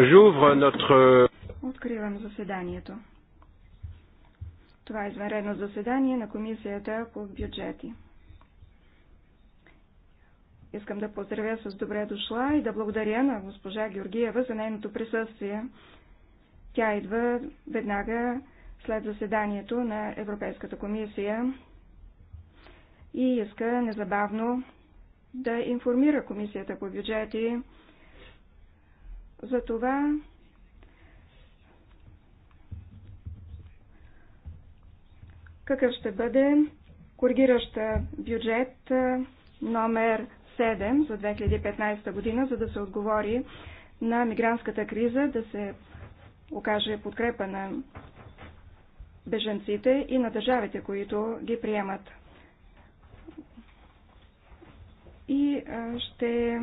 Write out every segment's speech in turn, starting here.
J'ouvre notre... Откривам заседанието. Това е извънредно заседание на Комисията по бюджети. Искам да поздравя с добре дошла и да благодаря на госпожа Георгиева за нейното присъствие. Тя идва веднага след заседанието на Европейската комисия и иска незабавно да информира Комисията по бюджети за това, какъв ще бъде коригираща бюджет номер 7 за 2015 година, за да се отговори на мигрантската криза, да се окаже подкрепа на беженците и на държавите, които ги приемат. И ще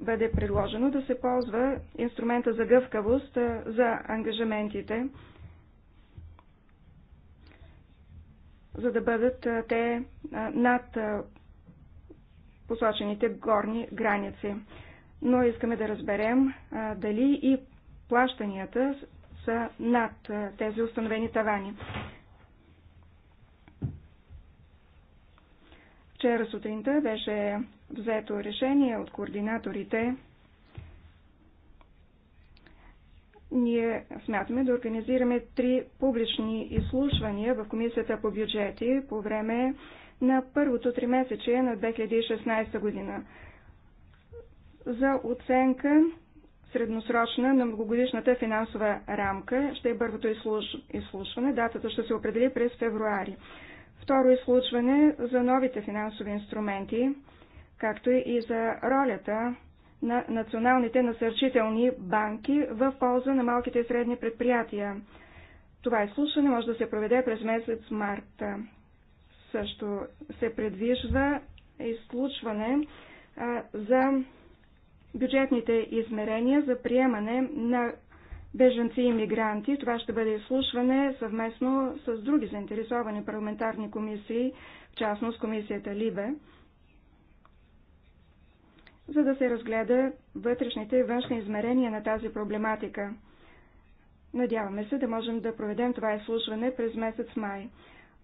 бъде предложено да се ползва инструмента за гъвкавост за ангажаментите, за да бъдат те над посочените горни граници. Но искаме да разберем дали и плащанията са над тези установени тавани. Вчера сутринта беше взето решение от координаторите, ние смятаме да организираме три публични изслушвания в Комисията по бюджети по време на първото три месече на 2016 година за оценка средносрочна на многогодишната финансова рамка. Ще е първото изслушване. Датата ще се определи през февруари. Второ изслушване за новите финансови инструменти както и за ролята на националните насърчителни банки в полза на малките и средни предприятия. Това изслушване може да се проведе през месец март. Също се предвижда изслушване за бюджетните измерения за приемане на беженци и мигранти. Това ще бъде изслушване съвместно с други заинтересовани парламентарни комисии, в частност комисията Либе за да се разгледа вътрешните и външни измерения на тази проблематика. Надяваме се да можем да проведем това изслушване през месец май.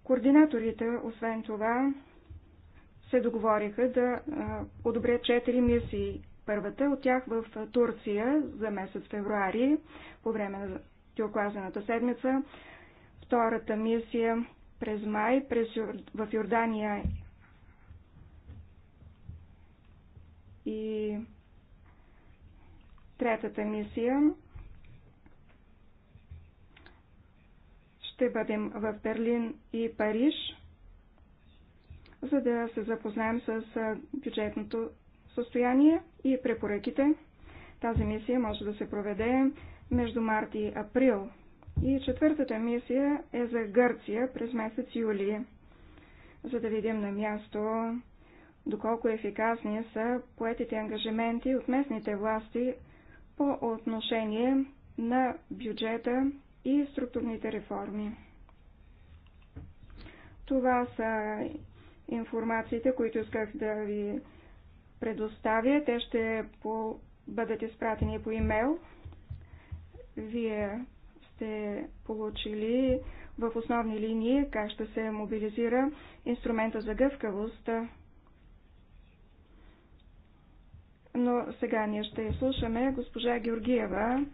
Координаторите, освен това, се договориха да одобрят четири мисии. Първата от тях в Турция за месец февруари, по време на тюрклазената седмица. Втората мисия през май през, в Йордания И третата мисия ще бъдем в Берлин и Париж, за да се запознаем с бюджетното състояние и препоръките. Тази мисия може да се проведе между март и април. И четвъртата мисия е за Гърция през месец юли, за да видим на място доколко ефикасни са поетите ангажименти от местните власти по отношение на бюджета и структурните реформи. Това са информациите, които исках да ви предоставя. Те ще по... бъдат изпратени по имейл. Вие сте получили в основни линии как ще се мобилизира инструмента за гъвкавост Но сега ние ще слушаме госпожа Георгиева,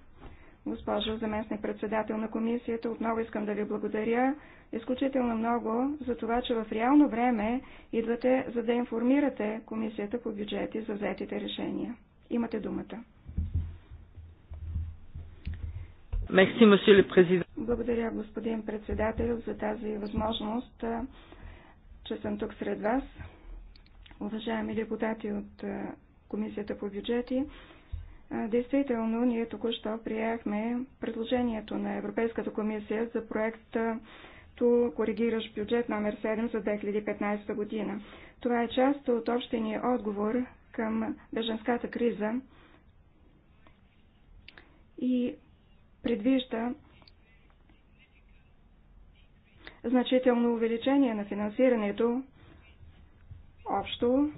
госпожо заместник председател на комисията. Отново искам да ви благодаря изключително много за това, че в реално време идвате, за да информирате комисията по бюджети за взетите решения. Имате думата. Благодаря, господин председател, за тази възможност, че съм тук сред вас. Уважаеми депутати от Комисията по бюджети. Действително, ние току-що приехме предложението на Европейската комисия за проекта коригиращ бюджет номер 7 за 2015 година. Това е част от общия ни отговор към беженската криза и предвижда значително увеличение на финансирането общо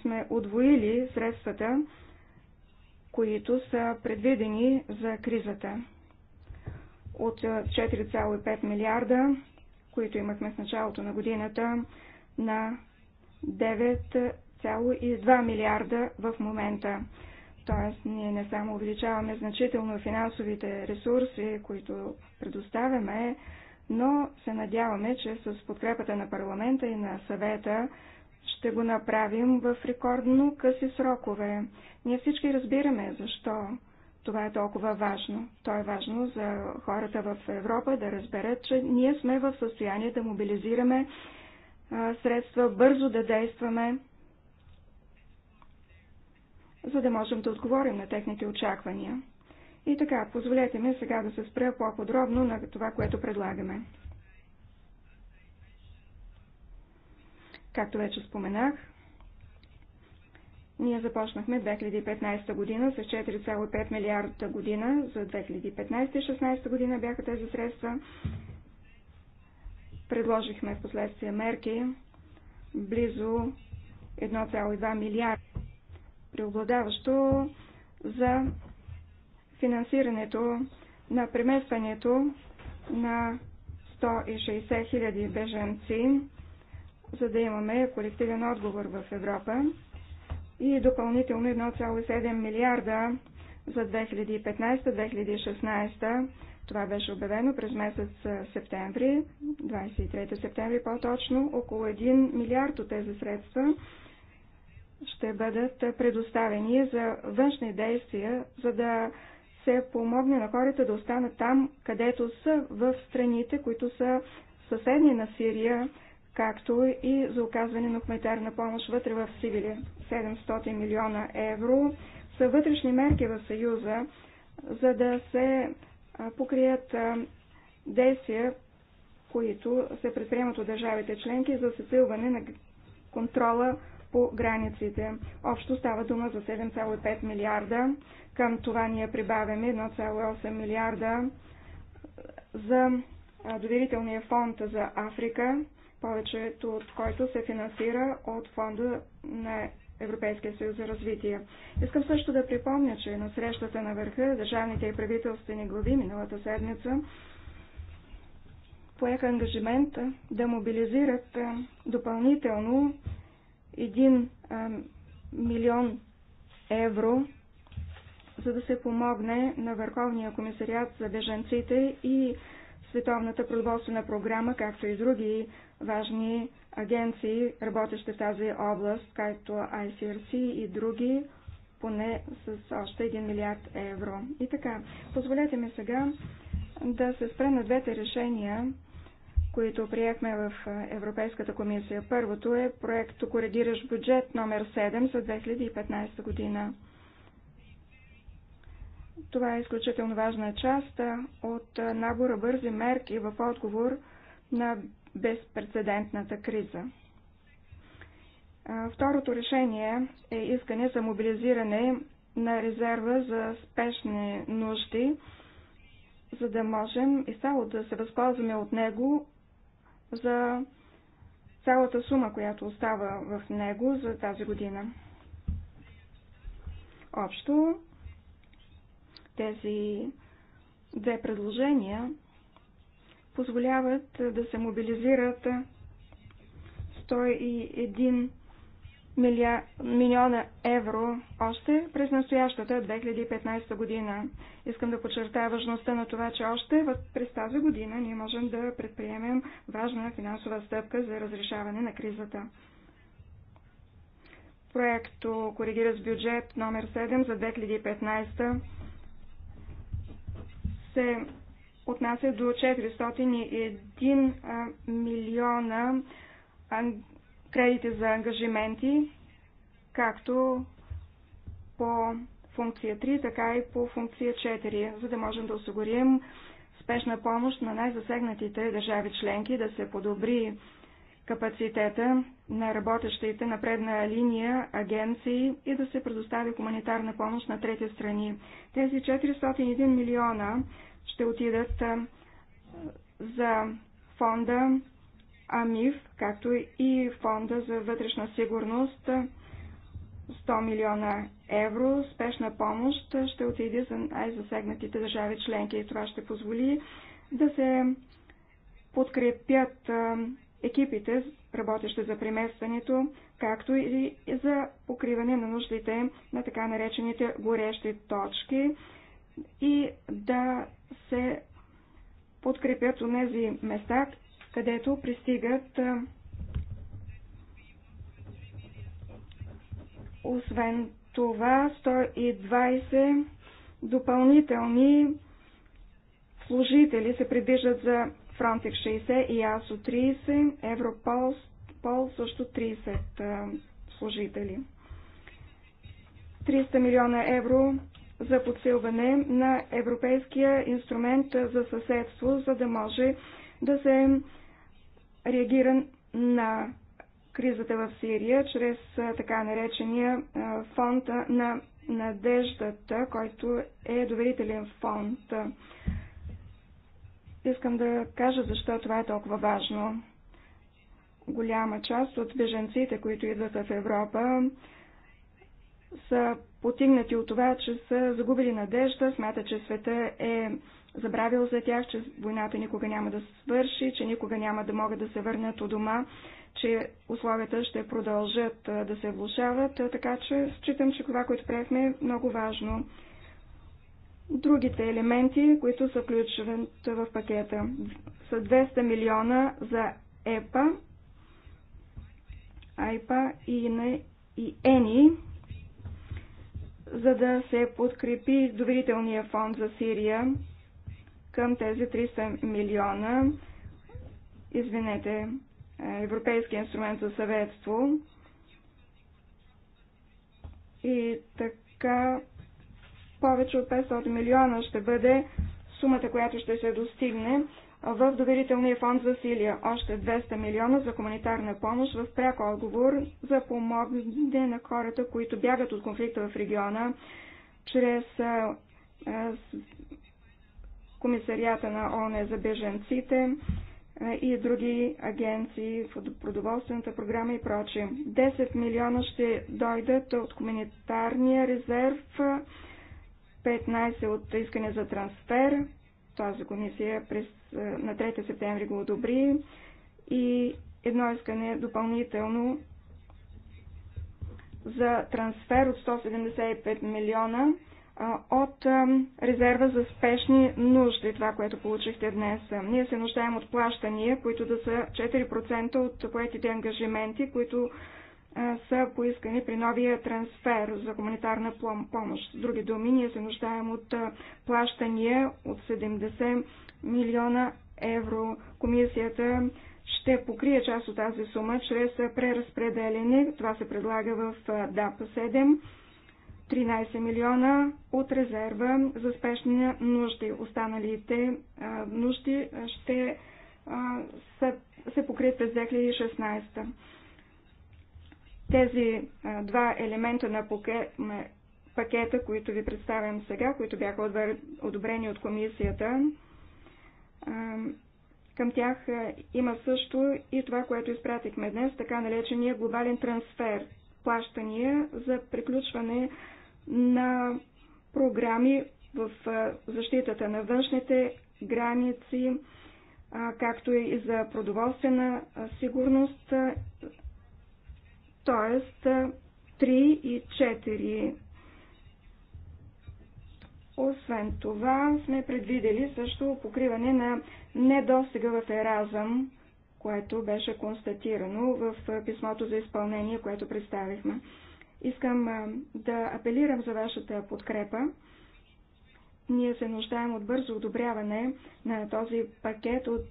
сме отвоили средствата, които са предвидени за кризата. От 4,5 милиарда, които имахме с началото на годината, на 9,2 милиарда в момента. Тоест, ние не само увеличаваме значително финансовите ресурси, които предоставяме, но се надяваме, че с подкрепата на парламента и на съвета ще го направим в рекордно къси срокове. Ние всички разбираме защо това е толкова важно. То е важно за хората в Европа да разберат, че ние сме в състояние да мобилизираме средства, бързо да действаме, за да можем да отговорим на техните очаквания. И така, позволете ми сега да се спра по-подробно на това, което предлагаме. Както вече споменах, ние започнахме 2015 година с 4,5 милиарда година. За 2015 и 2016 година бяха тези средства. Предложихме в последствие мерки близо 1,2 милиарда, преобладаващо за финансирането на преместването на 160 хиляди беженци за да имаме колективен отговор в Европа и допълнително 1,7 милиарда за 2015-2016. Това беше обявено през месец септември, 23 септември по-точно. Около 1 милиард от тези средства ще бъдат предоставени за външни действия, за да се помогне на хората да останат там, където са в страните, които са съседни на Сирия, както и за оказване на хуманитарна помощ вътре в Сибири. 700 милиона евро са вътрешни мерки в Съюза, за да се покрият действия, които се предприемат от държавите членки за съсилване на контрола по границите. Общо става дума за 7,5 милиарда. Към това ние прибавяме 1,8 милиарда за доверителния фонд за Африка, повечето от който се финансира от фонда на Европейския съюз за развитие. Искам също да припомня, че на срещата на върха държавните и правителствени глави миналата седмица поеха ангажимент да мобилизират допълнително 1 милион евро, за да се помогне на Върховния комисариат за беженците и Световната продоволствена програма, както и други важни агенции, работещи в тази област, както ICRC и други, поне с още 1 милиард евро. И така, позволете ми сега да се спре на двете решения, които приехме в Европейската комисия. Първото е проект Коригираш бюджет номер 7 за 2015 година. Това е изключително важна част от набора бързи мерки в отговор на безпредседентната криза. Второто решение е искане за мобилизиране на резерва за спешни нужди, за да можем и само да се възползваме от него за цялата сума, която остава в него за тази година. Общо тези две предложения позволяват да се мобилизират 101 милиар... милиона евро още през настоящата 2015 година. Искам да подчертая важността на това, че още през тази година ние можем да предприемем важна финансова стъпка за разрешаване на кризата. Проекто Коригира с бюджет номер 7 за 2015 се отнася до 401 милиона кредити за ангажименти, както по функция 3, така и по функция 4, за да можем да осигурим спешна помощ на най-засегнатите държави членки, да се подобри капацитета на работещите на предна линия агенции и да се предостави хуманитарна помощ на трети страни. Тези 401 милиона ще отидат за фонда АМИФ, както и фонда за вътрешна сигурност. 100 милиона евро спешна помощ ще отиде за най-засегнатите държави членки и това ще позволи да се подкрепят екипите, работещи за преместването, както и за покриване на нуждите на така наречените горещи точки и да се подкрепят от тези места, където пристигат освен това 120 допълнителни служители се предвиждат за Frontex 60 и АСО 30, Европол Пол също 30 служители. 300 милиона евро за подсилване на Европейския инструмент за съседство, за да може да се реагира на кризата в Сирия чрез така наречения фонд на надеждата, който е доверителен фонд. Искам да кажа защо това е толкова важно. Голяма част от беженците, които идват в Европа, са потигнати от това, че са загубили надежда, смятат, че света е забравил за тях, че войната никога няма да свърши, че никога няма да могат да се върнат у дома, че условията ще продължат да се влушават, така че считам, че това, което правихме е много важно. Другите елементи, които са включват в пакета, са 200 милиона за ЕПА, АЙПА и ЕНИ, за да се подкрепи доверителния фонд за Сирия към тези 300 милиона, извинете, е, Европейски инструмент за съветство. И така повече от 500 милиона ще бъде сумата, която ще се достигне в доверителния фонд за Силия, още 200 милиона за хуманитарна помощ в пряк отговор за помогне на хората, които бягат от конфликта в региона, чрез а, а, комисарията на ОНЕ за беженците и други агенции в продоволствената програма и прочие. 10 милиона ще дойдат от хуманитарния резерв, 15 от искане за трансфер, тази комисия през, е, на 3 септември го одобри и едно искане допълнително за трансфер от 175 милиона от е, резерва за спешни нужди, това, което получихте днес. Ние се нуждаем от плащания, които да са 4% от поетите ангажименти, които са поискани при новия трансфер за хуманитарна помощ. С други думи, ние се нуждаем от плащания от 70 милиона евро. Комисията ще покрие част от тази сума чрез преразпределение. Това се предлага в ДАП 7. 13 милиона от резерва за спешни нужди. Останалите нужди ще се покрият през 2016. Тези два елемента на пакета, които ви представям сега, които бяха одобрени от комисията, към тях има също и това, което изпратихме днес, така наречения глобален трансфер, плащания за приключване на програми в защитата на външните граници, както и за продоволствена сигурност, т.е. 3 и 4. Освен това, сме предвидели също покриване на недостига в еразъм, което беше констатирано в писмото за изпълнение, което представихме. Искам да апелирам за вашата подкрепа. Ние се нуждаем от бързо одобряване на този пакет от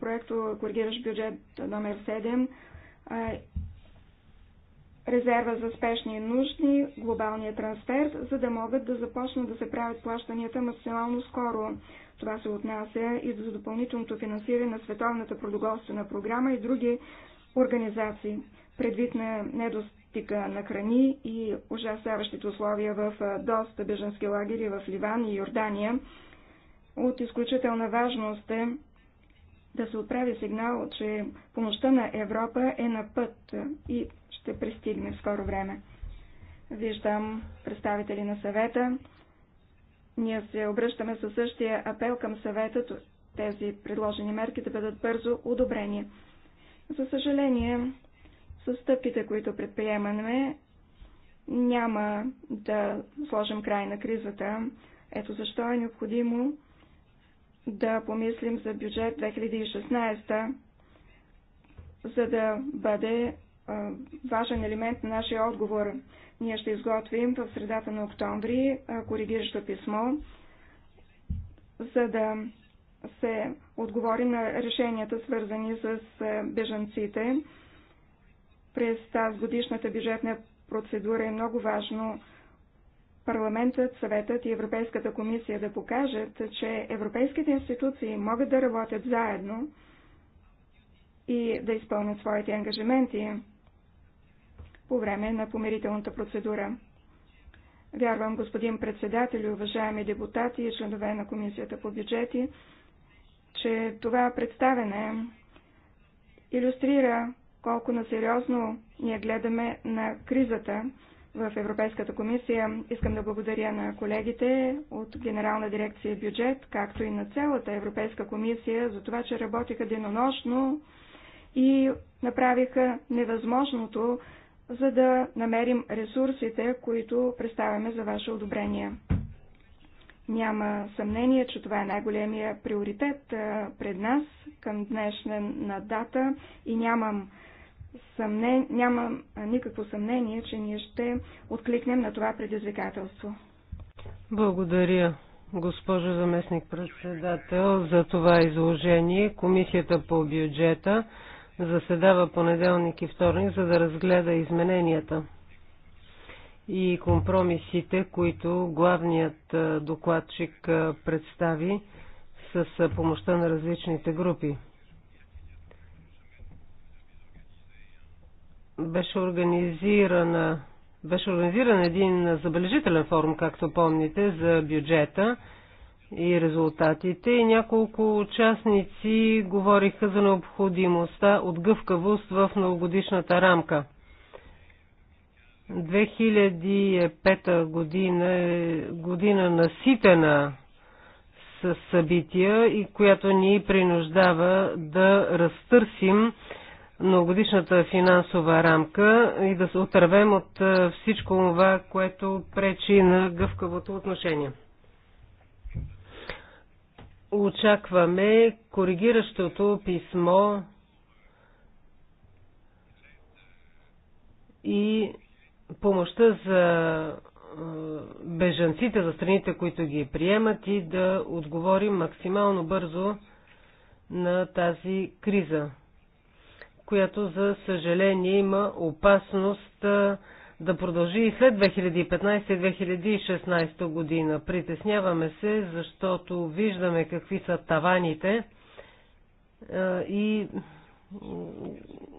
проекто Коригираш бюджет номер 7 резерва за спешни нужди, глобалния трансфер, за да могат да започнат да се правят плащанията максимално скоро. Това се отнася и за допълнителното финансиране на Световната продоволствена програма и други организации. Предвид на недостига на храни и ужасяващите условия в доста беженски лагери в Ливан и Йордания, от изключителна важност е да се отправи сигнал, че помощта на Европа е на път и ще пристигне в скоро време. Виждам представители на съвета. Ние се обръщаме със същия апел към съвета тези предложени мерки да бъдат бързо одобрени. За съжаление, с стъпките, които предприемаме, няма да сложим край на кризата. Ето защо е необходимо да помислим за бюджет 2016, за да бъде важен елемент на нашия отговор. Ние ще изготвим в средата на октомври коригиращо писмо, за да се отговори на решенията, свързани с бежанците. През тази годишната бюджетна процедура е много важно парламентът, съветът и Европейската комисия да покажат, че европейските институции могат да работят заедно и да изпълнят своите ангажименти по време на помирителната процедура. Вярвам, господин председател и уважаеми депутати и членове на Комисията по бюджети, че това представене иллюстрира колко насериозно ние гледаме на кризата в Европейската комисия. Искам да благодаря на колегите от Генерална дирекция бюджет, както и на цялата Европейска комисия за това, че работиха денонощно и направиха невъзможното за да намерим ресурсите, които представяме за ваше одобрение. Няма съмнение, че това е най-големия приоритет пред нас към днешна дата и нямам съмнение, нямам никакво съмнение, че ние ще откликнем на това предизвикателство. Благодаря, госпожо заместник председател, за това изложение. Комисията по бюджета заседава понеделник и вторник, за да разгледа измененията и компромисите, които главният докладчик представи с помощта на различните групи. Беше организирана беше организиран един забележителен форум, както помните, за бюджета – и резултатите. И няколко участници говориха за необходимостта от гъвкавост в многогодишната рамка. 2005 година е година наситена с събития и която ни принуждава да разтърсим многогодишната финансова рамка и да се отървем от всичко това, което пречи на гъвкавото отношение. Очакваме коригиращото писмо и помощта за бежанците, за страните, които ги приемат и да отговорим максимално бързо на тази криза, която за съжаление има опасност да продължи и след 2015-2016 година. Притесняваме се, защото виждаме какви са таваните е, и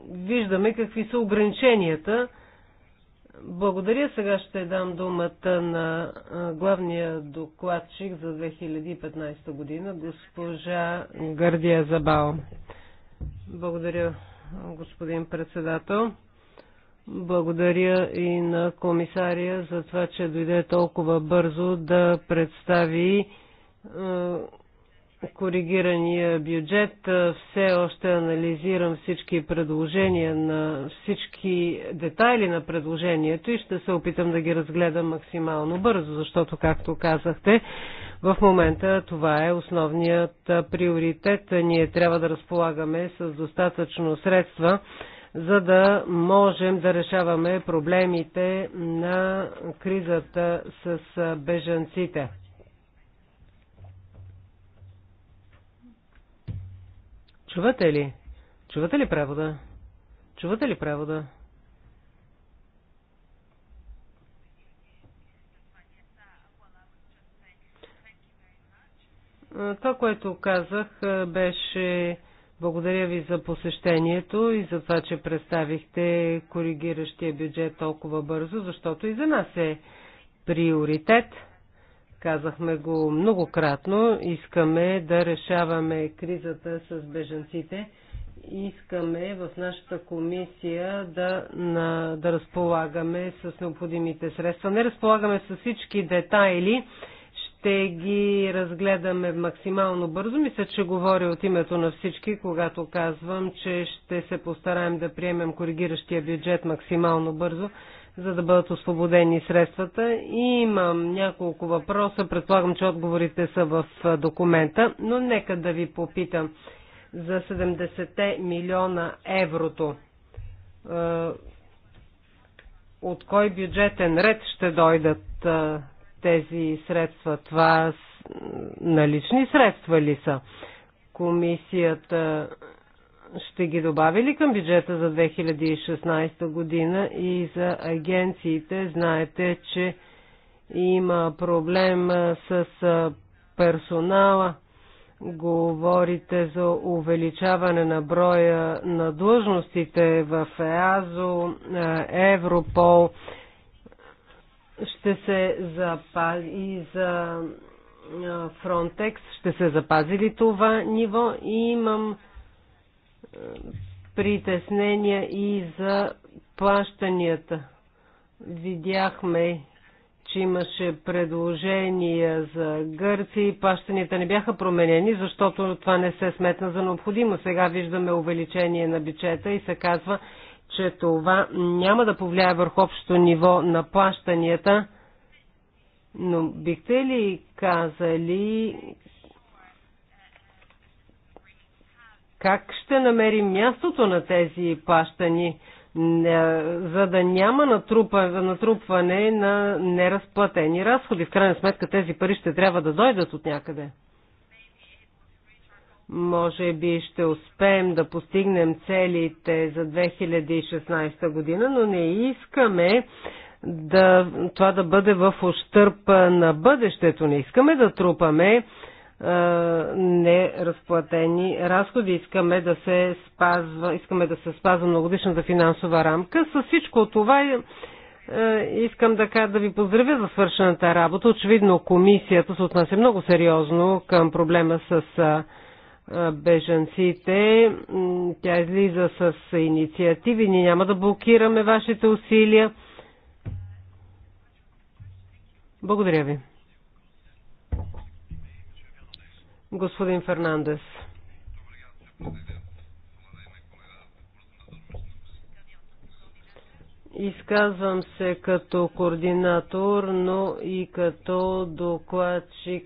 виждаме какви са ограниченията. Благодаря. Сега ще дам думата на е, главния докладчик за 2015 година, госпожа Гърдия Забао. Благодаря, господин председател. Благодаря и на комисария за това, че дойде толкова бързо да представи е, коригирания бюджет. Е, все още анализирам всички предложения на всички детайли на предложението и ще се опитам да ги разгледам максимално бързо, защото, както казахте, в момента това е основният приоритет. Ние трябва да разполагаме с достатъчно средства за да можем да решаваме проблемите на кризата с бежанците. Чувате ли? Чувате ли превода? Чувате ли превода? Това, което казах, беше благодаря ви за посещението и за това, че представихте коригиращия бюджет толкова бързо, защото и за нас е приоритет. Казахме го многократно. Искаме да решаваме кризата с бежанците. Искаме в нашата комисия да, на, да разполагаме с необходимите средства. Не разполагаме с всички детайли ще ги разгледаме максимално бързо. Мисля, че говоря от името на всички, когато казвам, че ще се постараем да приемем коригиращия бюджет максимално бързо, за да бъдат освободени средствата. И имам няколко въпроса. Предполагам, че отговорите са в документа, но нека да ви попитам за 70 милиона еврото. Е, от кой бюджетен ред ще дойдат е, тези средства? Това налични средства ли са? Комисията ще ги добави ли към бюджета за 2016 година и за агенциите? Знаете, че има проблем с персонала. Говорите за увеличаване на броя на длъжностите в ЕАЗО, Европол ще се запази и за Frontex, ще се запази ли това ниво и имам притеснения и за плащанията. Видяхме, че имаше предложения за Гърция и плащанията не бяха променени, защото това не се сметна за необходимо. Сега виждаме увеличение на бюджета и се казва, че това няма да повлияе върху общото ниво на плащанията, но бихте ли казали как ще намерим мястото на тези плащани, е, за да няма натрупа, натрупване на неразплатени разходи? В крайна сметка тези пари ще трябва да дойдат от някъде. Може би ще успеем да постигнем целите за 2016 година, но не искаме да, това да бъде в ощърп на бъдещето. Не искаме да трупаме е, неразплатени разходи. Искаме да се спазва, искаме да се спазва многодишната финансова рамка. С всичко това е, е искам да, кажа, да ви поздравя за свършената работа. Очевидно комисията се отнася много сериозно към проблема с е, бежанците. Тя излиза с инициативи. Ние няма да блокираме вашите усилия. Благодаря ви. Господин Фернандес. Изказвам се като координатор, но и като докладчик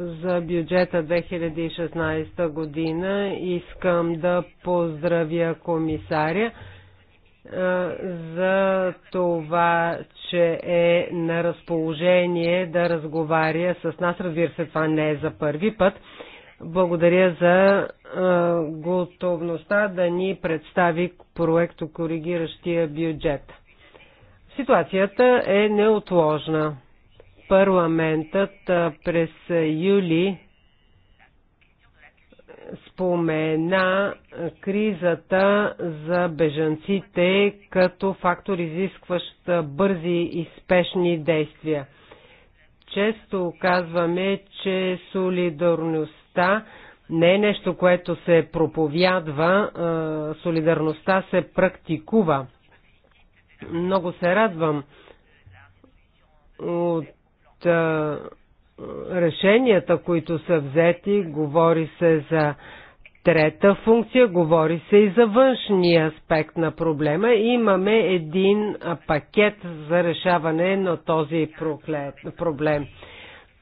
за бюджета 2016 година. Искам да поздравя комисаря за това, че е на разположение да разговаря с нас. Разбира се, това не е за първи път. Благодаря за готовността да ни представи проекто коригиращия бюджет. Ситуацията е неотложна. Парламентът през юли спомена кризата за бежанците като фактор изискващ бързи и спешни действия. Често казваме, че солидарността солидарността не е нещо, което се проповядва, солидарността се практикува. Много се радвам от решенията, които са взети, говори се за трета функция, говори се и за външния аспект на проблема. Имаме един пакет за решаване на този проблем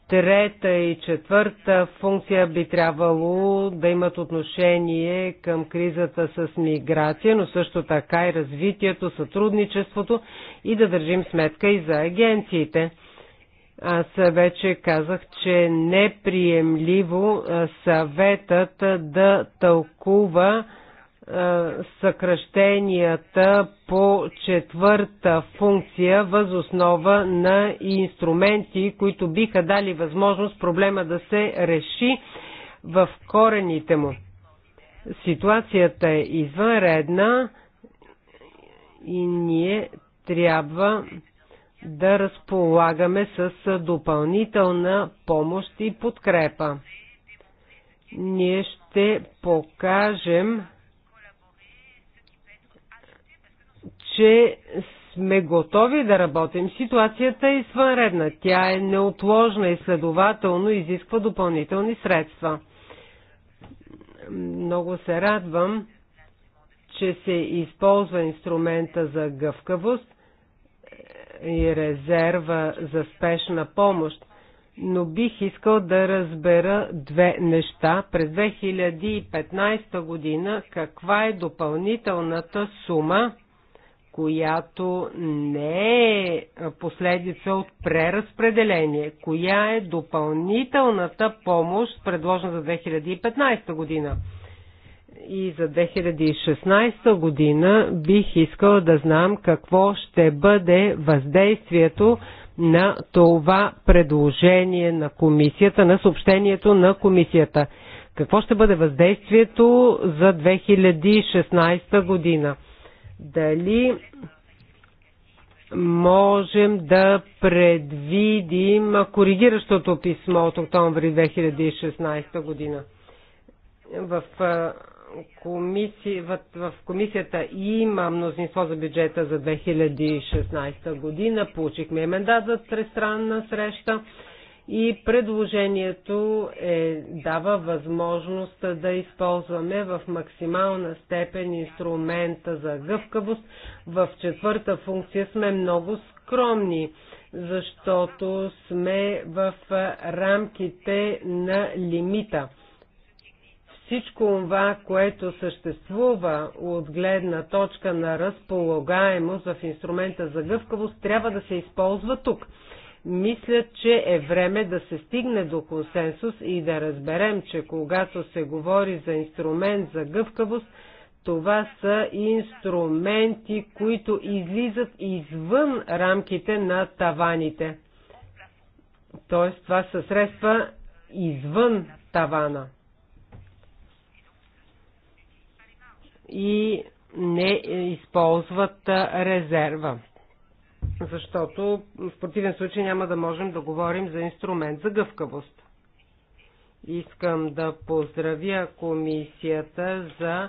трета и четвърта функция би трябвало да имат отношение към кризата с миграция, но също така и развитието, сътрудничеството и да държим сметка и за агенциите. Аз вече казах, че неприемливо съветът да тълкува е, съкръщенията по четвърта функция възоснова на инструменти, които биха дали възможност проблема да се реши в корените му. Ситуацията е извънредна и ние трябва да разполагаме с допълнителна помощ и подкрепа. Ние ще покажем че сме готови да работим. Ситуацията е извънредна. Тя е неотложна и следователно изисква допълнителни средства. Много се радвам, че се използва инструмента за гъвкавост и резерва за спешна помощ, но бих искал да разбера две неща. През 2015 година каква е допълнителната сума, която не е последица от преразпределение, коя е допълнителната помощ, предложена за 2015 година. И за 2016 година бих искала да знам какво ще бъде въздействието на това предложение на комисията, на съобщението на комисията. Какво ще бъде въздействието за 2016 година? Дали можем да предвидим коригиращото писмо от октомври 2016 година. В, комисия, в, в комисията има мнозинство за бюджета за 2016 година. Получихме мандат за тристранна среща и предложението е, дава възможност да използваме в максимална степен инструмента за гъвкавост. В четвърта функция сме много скромни, защото сме в рамките на лимита. Всичко това, което съществува от гледна точка на разполагаемост в инструмента за гъвкавост, трябва да се използва тук. Мисля, че е време да се стигне до консенсус и да разберем, че когато се говори за инструмент за гъвкавост, това са инструменти, които излизат извън рамките на таваните. Тоест, това са средства извън тавана. И не използват резерва защото в противен случай няма да можем да говорим за инструмент за гъвкавост. Искам да поздравя комисията за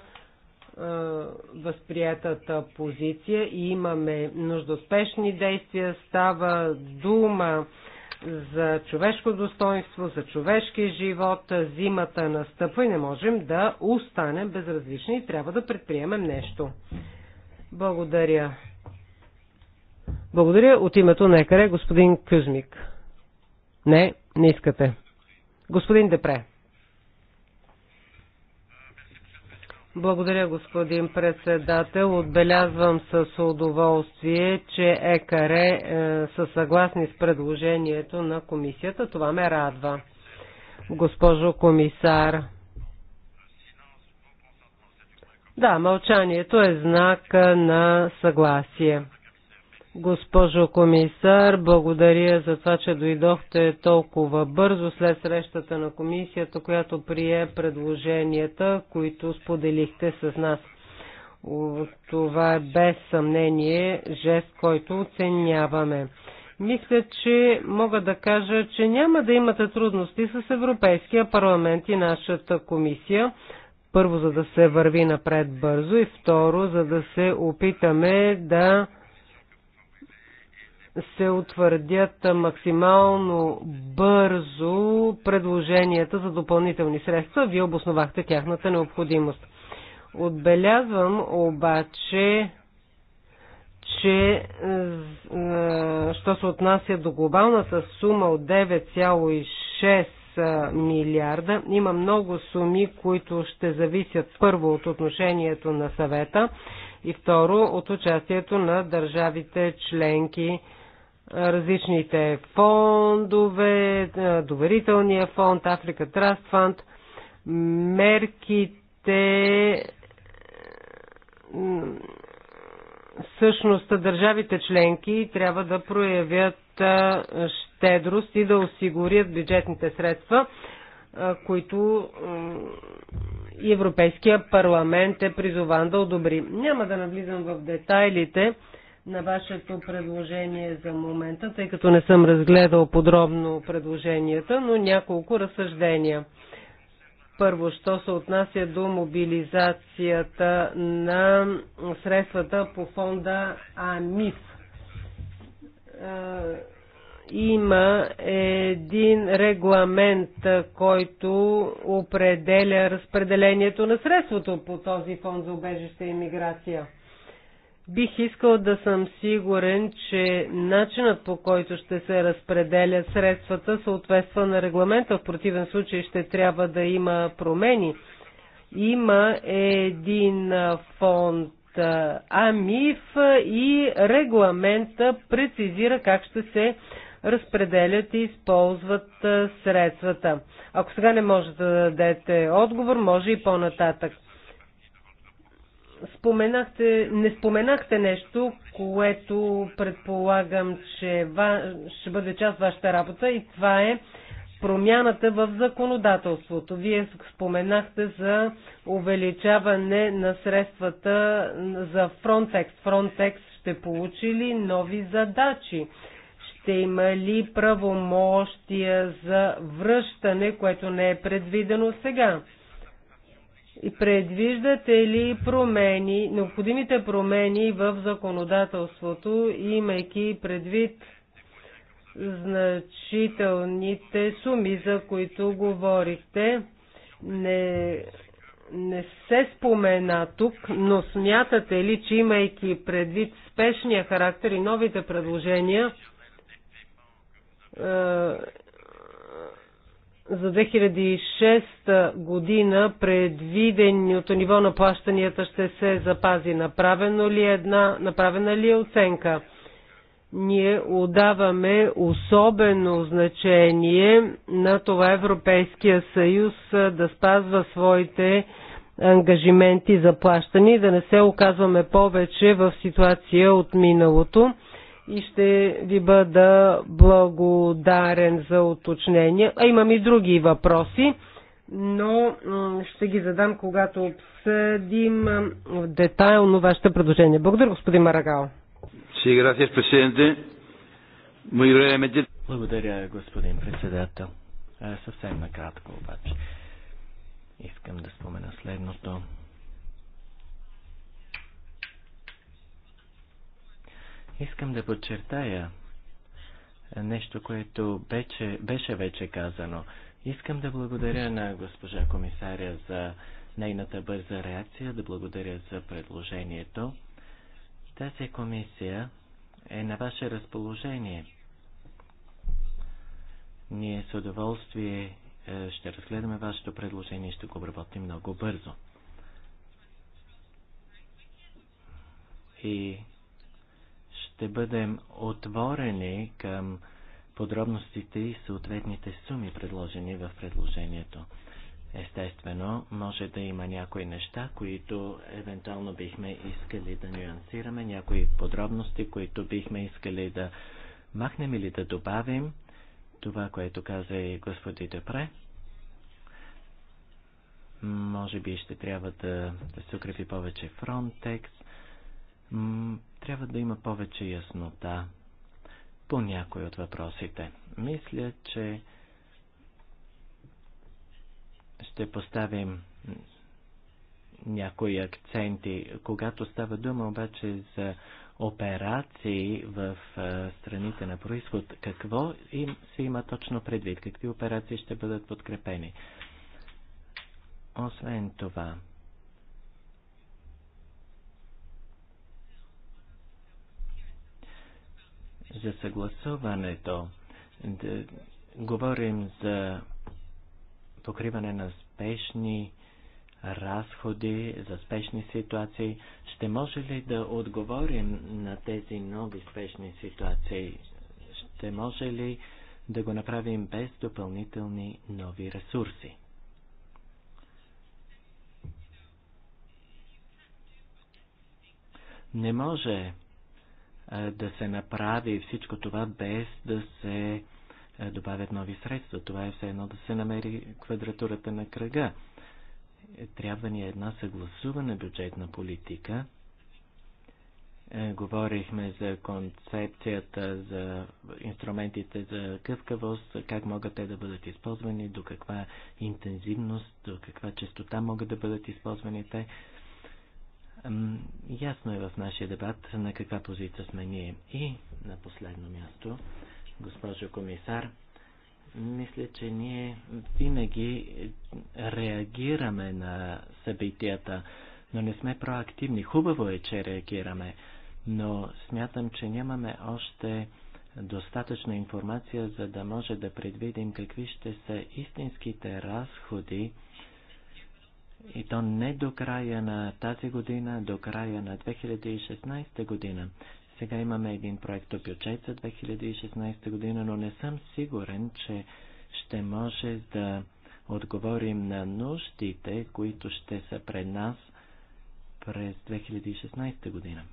възприятата позиция и имаме нужда успешни действия. Става дума за човешко достоинство, за човешки живот. Зимата настъпва и не можем да останем безразлични и трябва да предприемем нещо. Благодаря. Благодаря. От името на екаре господин Кюзмик. Не, не искате. Господин Депре. Благодаря, господин председател. Отбелязвам с удоволствие, че ЕКАРЕ е, са съгласни с предложението на комисията. Това ме радва. Госпожо комисар, да, мълчанието е знак на съгласие. Госпожо комисар, благодаря за това, че дойдохте толкова бързо след срещата на комисията, която прие предложенията, които споделихте с нас. Това е без съмнение жест, който оценяваме. Мисля, че мога да кажа, че няма да имате трудности с Европейския парламент и нашата комисия. Първо, за да се върви напред бързо и второ, за да се опитаме да се утвърдят максимално бързо предложенията за допълнителни средства. Вие обосновахте тяхната необходимост. Отбелязвам обаче, че е, е, що се отнася до глобалната сума от 9,6 е, милиарда, има много суми, които ще зависят първо от отношението на съвета и второ от участието на държавите членки различните фондове, доверителния фонд, Африка Траст фонд, мерките всъщност държавите членки трябва да проявят щедрост и да осигурят бюджетните средства, които Европейския парламент е призован да одобри. Няма да навлизам в детайлите на вашето предложение за момента, тъй като не съм разгледал подробно предложенията, но няколко разсъждения. Първо, що се отнася до мобилизацията на средствата по фонда АМИФ. Има един регламент, който определя разпределението на средството по този фонд за убежище и миграция – Бих искал да съм сигурен, че начинът по който ще се разпределят средствата съответства на регламента. В противен случай ще трябва да има промени. Има един фонд АМИФ и регламента прецизира как ще се разпределят и използват средствата. Ако сега не можете да дадете отговор, може и по-нататък. Споменахте, не споменахте нещо, което предполагам, че ва, ще бъде част от вашата работа и това е промяната в законодателството. Вие споменахте за увеличаване на средствата за Frontex. Frontex ще получи ли нови задачи? Ще има ли правомощия за връщане, което не е предвидено сега? И предвиждате ли промени, необходимите промени в законодателството, имайки предвид значителните суми, за които говорихте? Не, не се спомена тук, но смятате ли, че имайки предвид спешния характер и новите предложения, е, за 2006 година предвиденото ниво на плащанията ще се запази. Направено ли е една, направена ли е оценка? Ние отдаваме особено значение на това Европейския съюз да спазва своите ангажименти за плащане и да не се оказваме повече в ситуация от миналото и ще ви бъда благодарен за уточнение. А имам и други въпроси, но ще ги задам, когато обсъдим детайлно вашето предложение. Благодаря, господин Марагал. Благодаря, господин председател. Е, съвсем накратко обаче. Искам да спомена следното. Искам да подчертая нещо, което беше, беше вече казано. Искам да благодаря на госпожа комисаря за нейната бърза реакция, да благодаря за предложението. Тази комисия е на ваше разположение. Ние с удоволствие е, ще разгледаме вашето предложение и ще го обработим много бързо. И ще бъдем отворени към подробностите и съответните суми, предложени в предложението. Естествено, може да има някои неща, които евентуално бихме искали да нюансираме, някои подробности, които бихме искали да махнем или да добавим. Това, което каза и господи Депре, може би ще трябва да, да се укрепи повече текст трябва да има повече яснота по някои от въпросите. Мисля, че ще поставим някои акценти. Когато става дума обаче за операции в страните на происход, какво им се има точно предвид? Какви операции ще бъдат подкрепени? Освен това, за съгласуването. Да, говорим за покриване на спешни разходи за спешни ситуации. Ще може ли да отговорим на тези нови спешни ситуации? Ще може ли да го направим без допълнителни нови ресурси? Не може да се направи всичко това без да се добавят нови средства. Това е все едно да се намери квадратурата на кръга. Е, трябва ни една съгласувана бюджетна политика. Е, говорихме за концепцията, за инструментите за къвкавост, как могат те да бъдат използвани, до каква интензивност, до каква частота могат да бъдат използвани те. Ясно е в нашия дебат на каква позиция сме ние. И на последно място, госпожо комисар, мисля, че ние винаги реагираме на събитията, но не сме проактивни. Хубаво е, че реагираме, но смятам, че нямаме още достатъчна информация, за да може да предвидим какви ще са истинските разходи и то не до края на тази година, до края на 2016 година. Сега имаме един проект до бюджет за 2016 година, но не съм сигурен, че ще може да отговорим на нуждите, които ще са пред нас през 2016 година.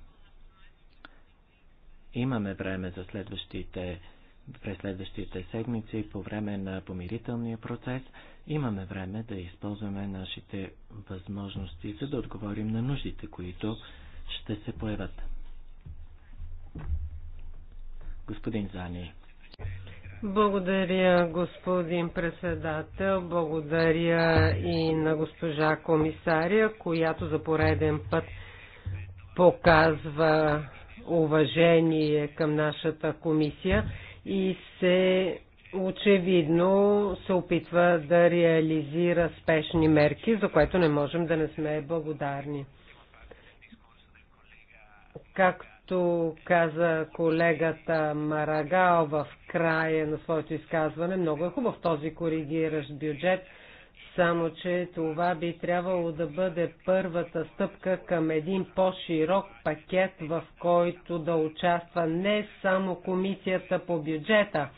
Имаме време за следващите през следващите седмици по време на помирителния процес имаме време да използваме нашите възможности, за да отговорим на нуждите, които ще се появят. Господин Зани. Благодаря, господин председател. Благодаря и на госпожа комисаря, която за пореден път показва уважение към нашата комисия и се очевидно се опитва да реализира спешни мерки, за което не можем да не сме благодарни. Както каза колегата Марагал в края на своето изказване, много е хубав този коригиращ бюджет – само, че това би трябвало да бъде първата стъпка към един по-широк пакет, в който да участва не само комисията по бюджета.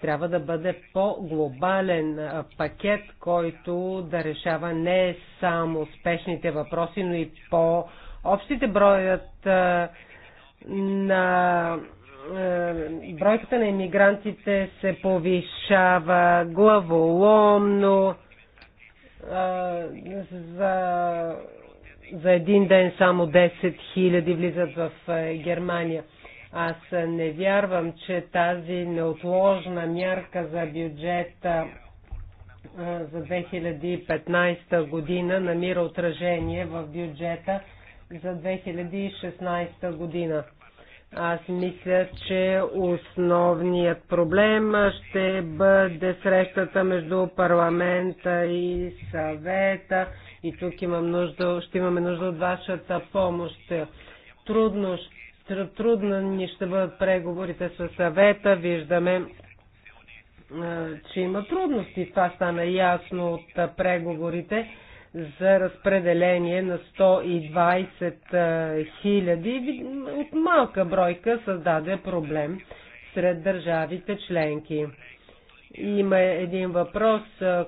Трябва да бъде по-глобален пакет, който да решава не само спешните въпроси, но и по-общите броят на бройката на иммигрантите се повишава главоломно за, за един ден само 10 000 влизат в Германия. Аз не вярвам, че тази неотложна мярка за бюджета за 2015 година намира отражение в бюджета за 2016 година. Аз мисля, че основният проблем ще бъде срещата между парламента и съвета. И тук имам нужда, ще имаме нужда от вашата помощ. Трудно, трудно ни ще бъдат преговорите с съвета. Виждаме, че има трудности. Това стана ясно от преговорите за разпределение на 120 хиляди от малка бройка създаде проблем сред държавите членки. Има един въпрос,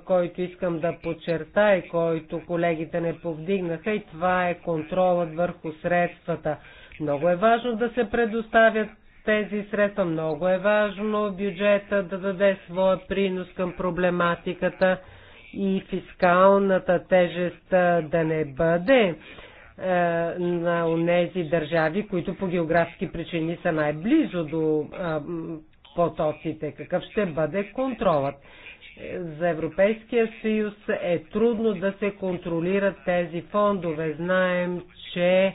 който искам да подчертая, който колегите не повдигнаха и това е контролът върху средствата. Много е важно да се предоставят тези средства, много е важно бюджета да даде своя принос към проблематиката и фискалната тежест да не бъде на тези държави, които по географски причини са най-близо до потоците. Какъв ще бъде контролът? За Европейския съюз е трудно да се контролират тези фондове. Знаем, че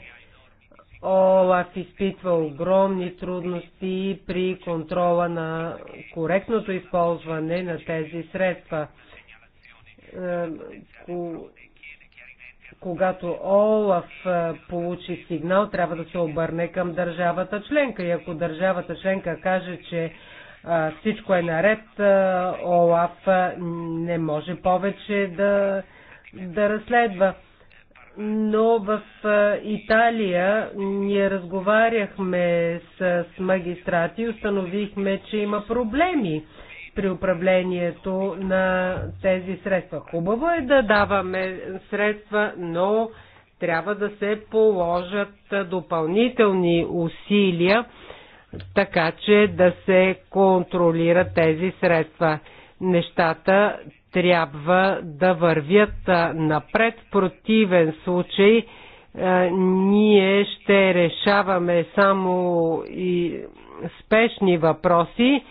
ОЛАФ изпитва огромни трудности при контрола на коректното използване на тези средства. Е, когато Олаф е, получи сигнал, трябва да се обърне към държавата членка. И ако държавата членка каже, че е, всичко е наред, Олаф не може повече да, да разследва. Но в Италия ние разговаряхме с магистрати и установихме, че има проблеми при управлението на тези средства. Хубаво е да даваме средства, но трябва да се положат допълнителни усилия, така че да се контролират тези средства. Нещата трябва да вървят напред. В противен случай ние ще решаваме само и спешни въпроси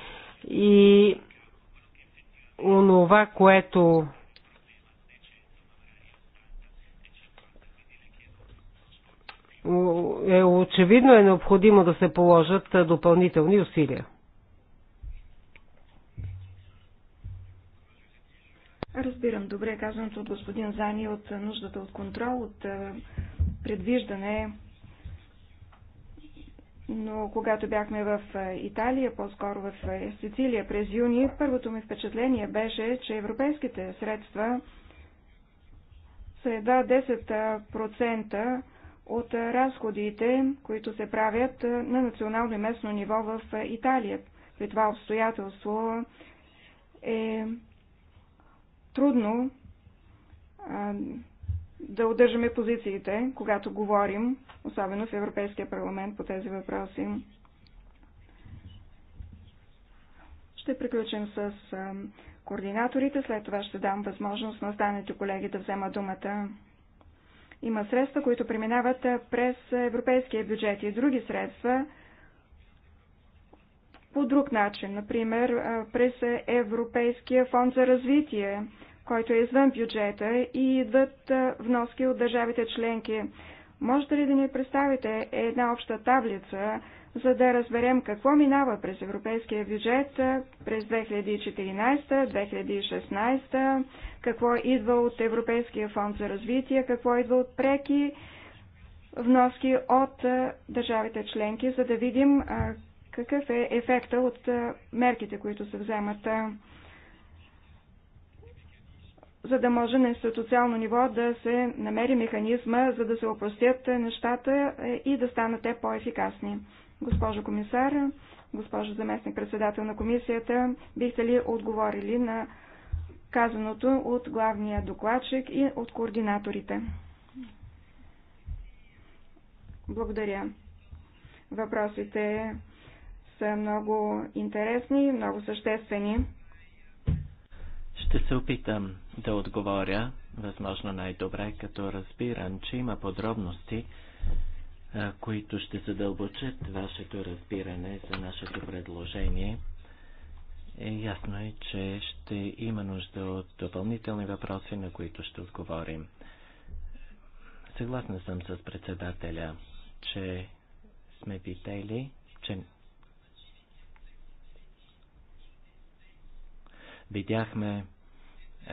и онова, което е очевидно е необходимо да се положат допълнителни усилия. Разбирам добре казаното от господин Зани от нуждата от контрол, от предвиждане но когато бяхме в е, Италия, по-скоро в е, Сицилия през юни, първото ми впечатление беше, че европейските средства са едва 10% от разходите, които се правят на национално и местно ниво в Италия. При това обстоятелство е трудно да удържаме позициите, когато говорим особено в Европейския парламент по тези въпроси. Ще приключим с координаторите, след това ще дам възможност на останалите колеги да вземат думата. Има средства, които преминават през европейския бюджет и други средства по друг начин, например през Европейския фонд за развитие, който е извън бюджета и идват вноски от държавите членки. Можете ли да ни представите една обща таблица, за да разберем какво минава през европейския бюджет през 2014-2016, какво идва от Европейския фонд за развитие, какво идва от преки вноски от държавите членки, за да видим какъв е ефекта от мерките, които се вземат за да може на институционално ниво да се намери механизма, за да се опростят нещата и да станат те по-ефикасни. Госпожо комисар, госпожо заместник председател на комисията, бихте ли отговорили на казаното от главния докладчик и от координаторите? Благодаря. Въпросите са много интересни, много съществени. Ще се опитам да отговоря, възможно най-добре, като разбирам, че има подробности, които ще задълбочат вашето разбиране за нашето предложение. Е, ясно е, че ще има нужда от допълнителни въпроси, на които ще отговорим. Съгласна съм с председателя, че сме питали, че видяхме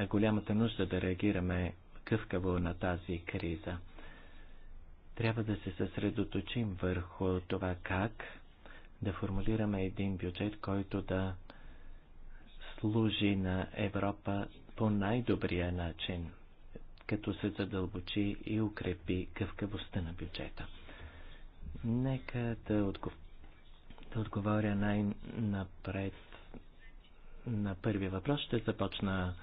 голямата нужда да реагираме къвкаво на тази криза. Трябва да се съсредоточим върху това как да формулираме един бюджет, който да служи на Европа по най-добрия начин, като се задълбочи и укрепи къвкавостта на бюджета. Нека да, отгов... да отговоря най-напред на първия въпрос. Ще започна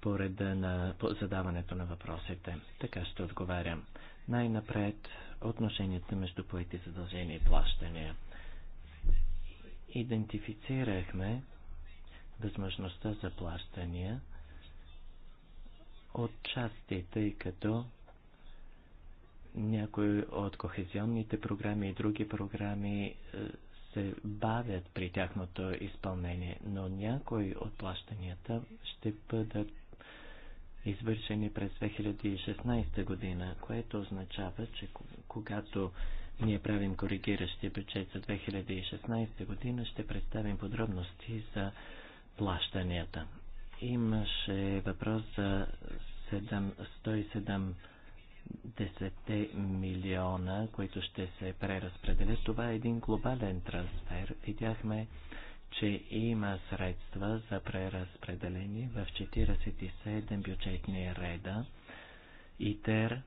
по реда на задаването на въпросите. Така ще отговарям. Най-напред отношенията между поети задължения и плащания. Идентифицирахме възможността за плащания от части, тъй като някои от кохезионните програми и други програми е, се бавят при тяхното изпълнение, но някои от плащанията ще бъдат извършени през 2016 година, което означава, че когато ние правим коригиращия бюджет за 2016 година, ще представим подробности за плащанията. Имаше въпрос за 170 милиона, които ще се преразпределят. Това е един глобален трансфер. Видяхме че има средства за преразпределение в 47 бюджетни реда. ИТЕР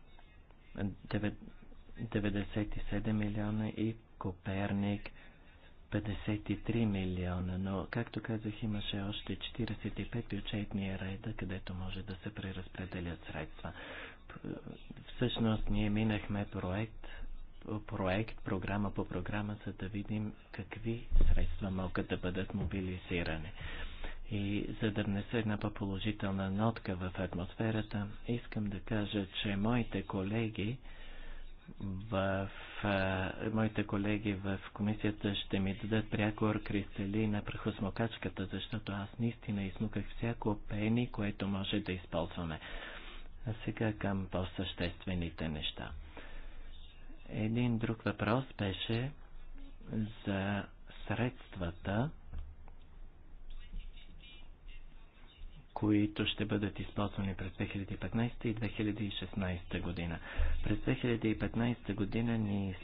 97 милиона и Коперник 53 милиона, но както казах имаше още 45 бюджетни реда, където може да се преразпределят средства. Всъщност ние минахме проект проект, програма по програма, за да видим какви средства могат да бъдат мобилизирани. И за да внеса една по-положителна нотка в атмосферата, искам да кажа, че моите колеги в, а, моите колеги в комисията ще ми дадат прякор кристали на прахосмокачката, защото аз наистина измуках всяко пени, което може да използваме. А сега към по-съществените неща. Един друг въпрос беше за средствата, които ще бъдат използвани през 2015 и 2016 година. През 2015 година ни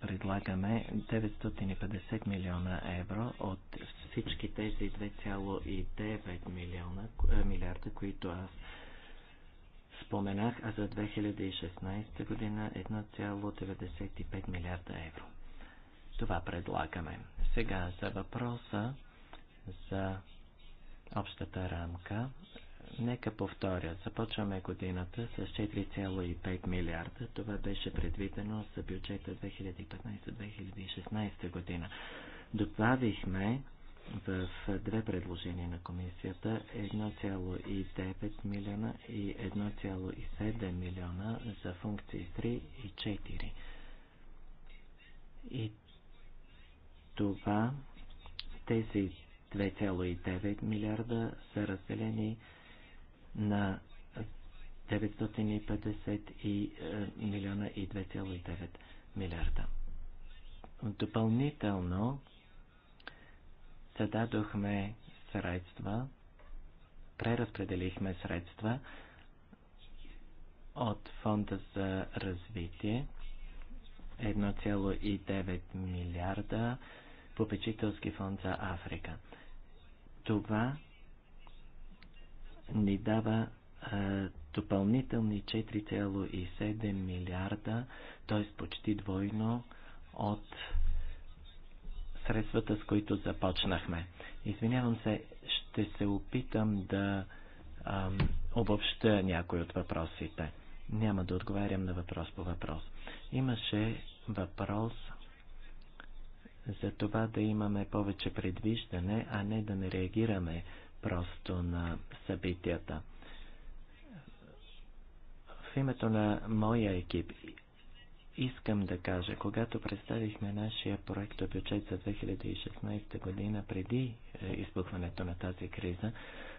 предлагаме 950 милиона евро от всички тези 2,9 е, милиарда, които аз споменах, а за 2016 година 1,95 милиарда евро. Това предлагаме. Сега за въпроса за общата рамка. Нека повторя. Започваме годината с 4,5 милиарда. Това беше предвидено за бюджета 2015-2016 година. Добавихме в две предложения на комисията 1,9 милиона и 1,7 милиона за функции 3 и 4. И това тези 2,9 милиарда са разделени на 950 и, е, милиона и 2,9 милиарда. Допълнително зададохме средства, преразпределихме средства от Фонда за развитие 1,9 милиарда попечителски фонд за Африка. Това ни дава е, допълнителни 4,7 милиарда, т.е. почти двойно от средствата, с които започнахме. Извинявам се, ще се опитам да ам, обобща някои от въпросите. Няма да отговарям на въпрос по въпрос. Имаше въпрос за това да имаме повече предвиждане, а не да не реагираме просто на събитията. В името на моя екип Искам да кажа, когато представихме нашия проект бюджет за 2016 година преди е, избухването на тази криза,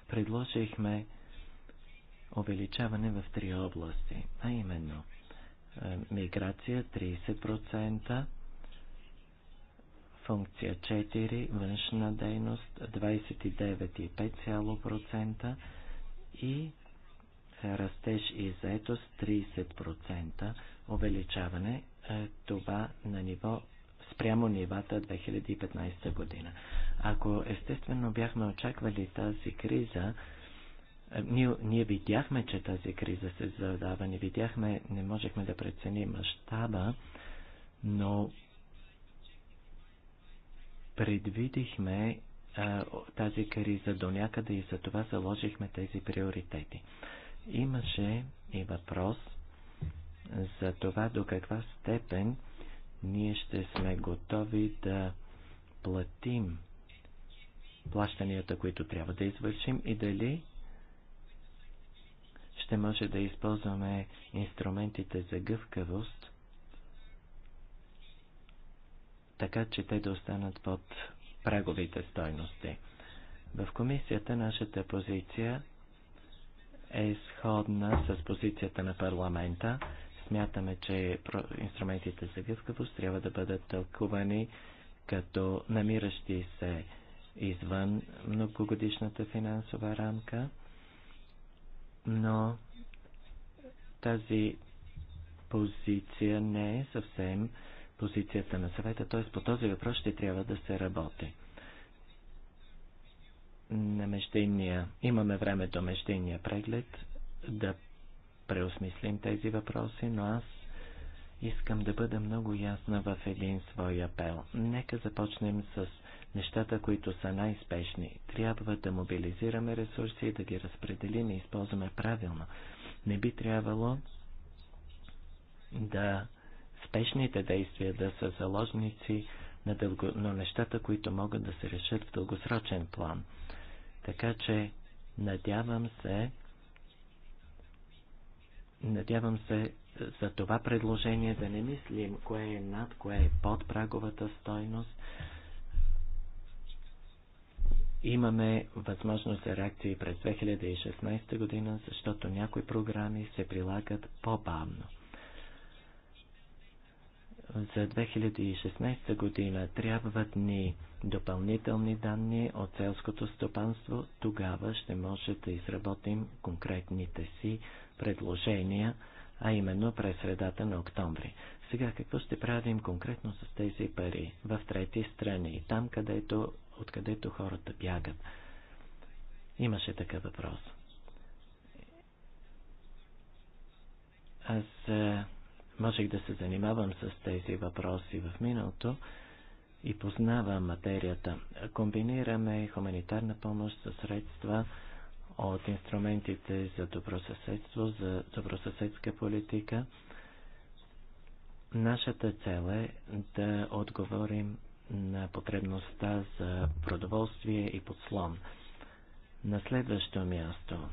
предложихме увеличаване в три области, а именно е, миграция 30%, функция 4, външна дейност 29,5% и е, растеж и заетост 30%, увеличаване, е, това на ниво спрямо нивата 2015 година. Ако естествено бяхме очаквали тази криза, е, ние, ние видяхме, че тази криза се задава, не видяхме, не можехме да преценим мащаба, но предвидихме а, е, тази криза до някъде и за това заложихме тези приоритети. Имаше и въпрос за това до каква степен ние ще сме готови да платим плащанията, които трябва да извършим и дали ще може да използваме инструментите за гъвкавост, така че те да останат под праговите стойности. В комисията нашата позиция е сходна с позицията на парламента. Смятаме, че инструментите за гъвкавост трябва да бъдат тълкувани като намиращи се извън многогодишната финансова рамка, но тази позиция не е съвсем позицията на съвета, т.е. по този въпрос ще трябва да се работи. На имаме време до междинния преглед да преосмислим тези въпроси, но аз искам да бъда много ясна в един свой апел. Нека започнем с нещата, които са най-спешни. Трябва да мобилизираме ресурси и да ги разпределим и използваме правилно. Не би трябвало да спешните действия да са заложници на, дълго... на нещата, които могат да се решат в дългосрочен план. Така че, надявам се, Надявам се е, за това предложение да не мислим кое е над, кое е под праговата стойност. Имаме възможност за реакции през 2016 година, защото някои програми се прилагат по-бавно за 2016 година трябват ни допълнителни данни от селското стопанство, тогава ще може да изработим конкретните си предложения, а именно през средата на октомври. Сега какво ще правим конкретно с тези пари в трети страни, там където, откъдето хората бягат? Имаше такъв въпрос. Аз Можех да се занимавам с тези въпроси в миналото и познавам материята. Комбинираме хуманитарна помощ със средства от инструментите за добросъседство, за добросъседска политика. Нашата цел е да отговорим на потребността за продоволствие и подслон. На следващо място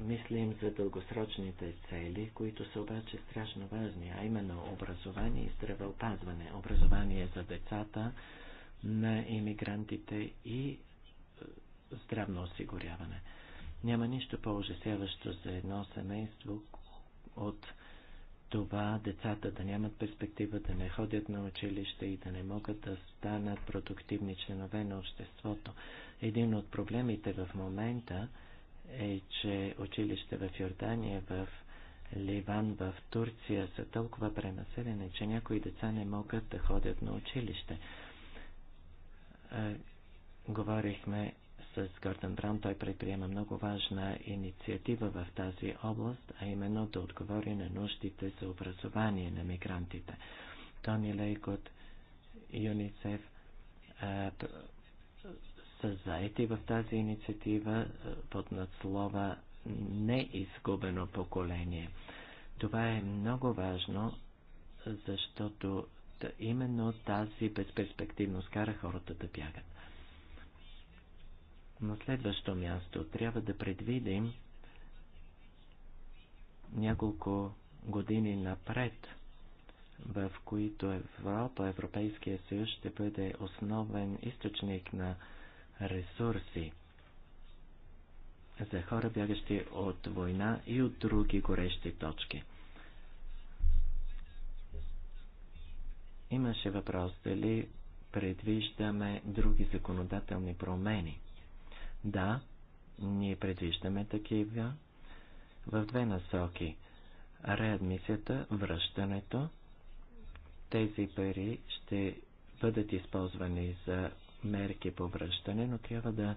мислим за дългосрочните цели, които са обаче страшно важни, а именно образование и здравеопазване. Образование за децата на иммигрантите и е, здравно осигуряване. Няма нищо по-ужасяващо за едно семейство от това децата да нямат перспектива, да не ходят на училище и да не могат да станат продуктивни членове на обществото. Един от проблемите в момента е, че училище в Йордания, в Ливан, в Турция са толкова пренаселени, че някои деца не могат да ходят на училище. Е, говорихме с Гордън Браун, той предприема много важна инициатива в тази област, а именно да отговори на нуждите за образование на мигрантите. Тони от ЮНИЦЕФ е, са заети в тази инициатива е, под надслова неизгубено поколение. Това е много важно, защото именно тази безперспективност кара хората да бягат. На следващо място трябва да предвидим няколко години напред, в които Европа, Европейския съюз ще бъде основен източник на ресурси за хора, бягащи от война и от други горещи точки. Имаше въпрос дали предвиждаме други законодателни промени. Да, ние предвиждаме такива в две насоки. Реадмисията, връщането, тези пари ще бъдат използвани за мерки по връщане, но трябва да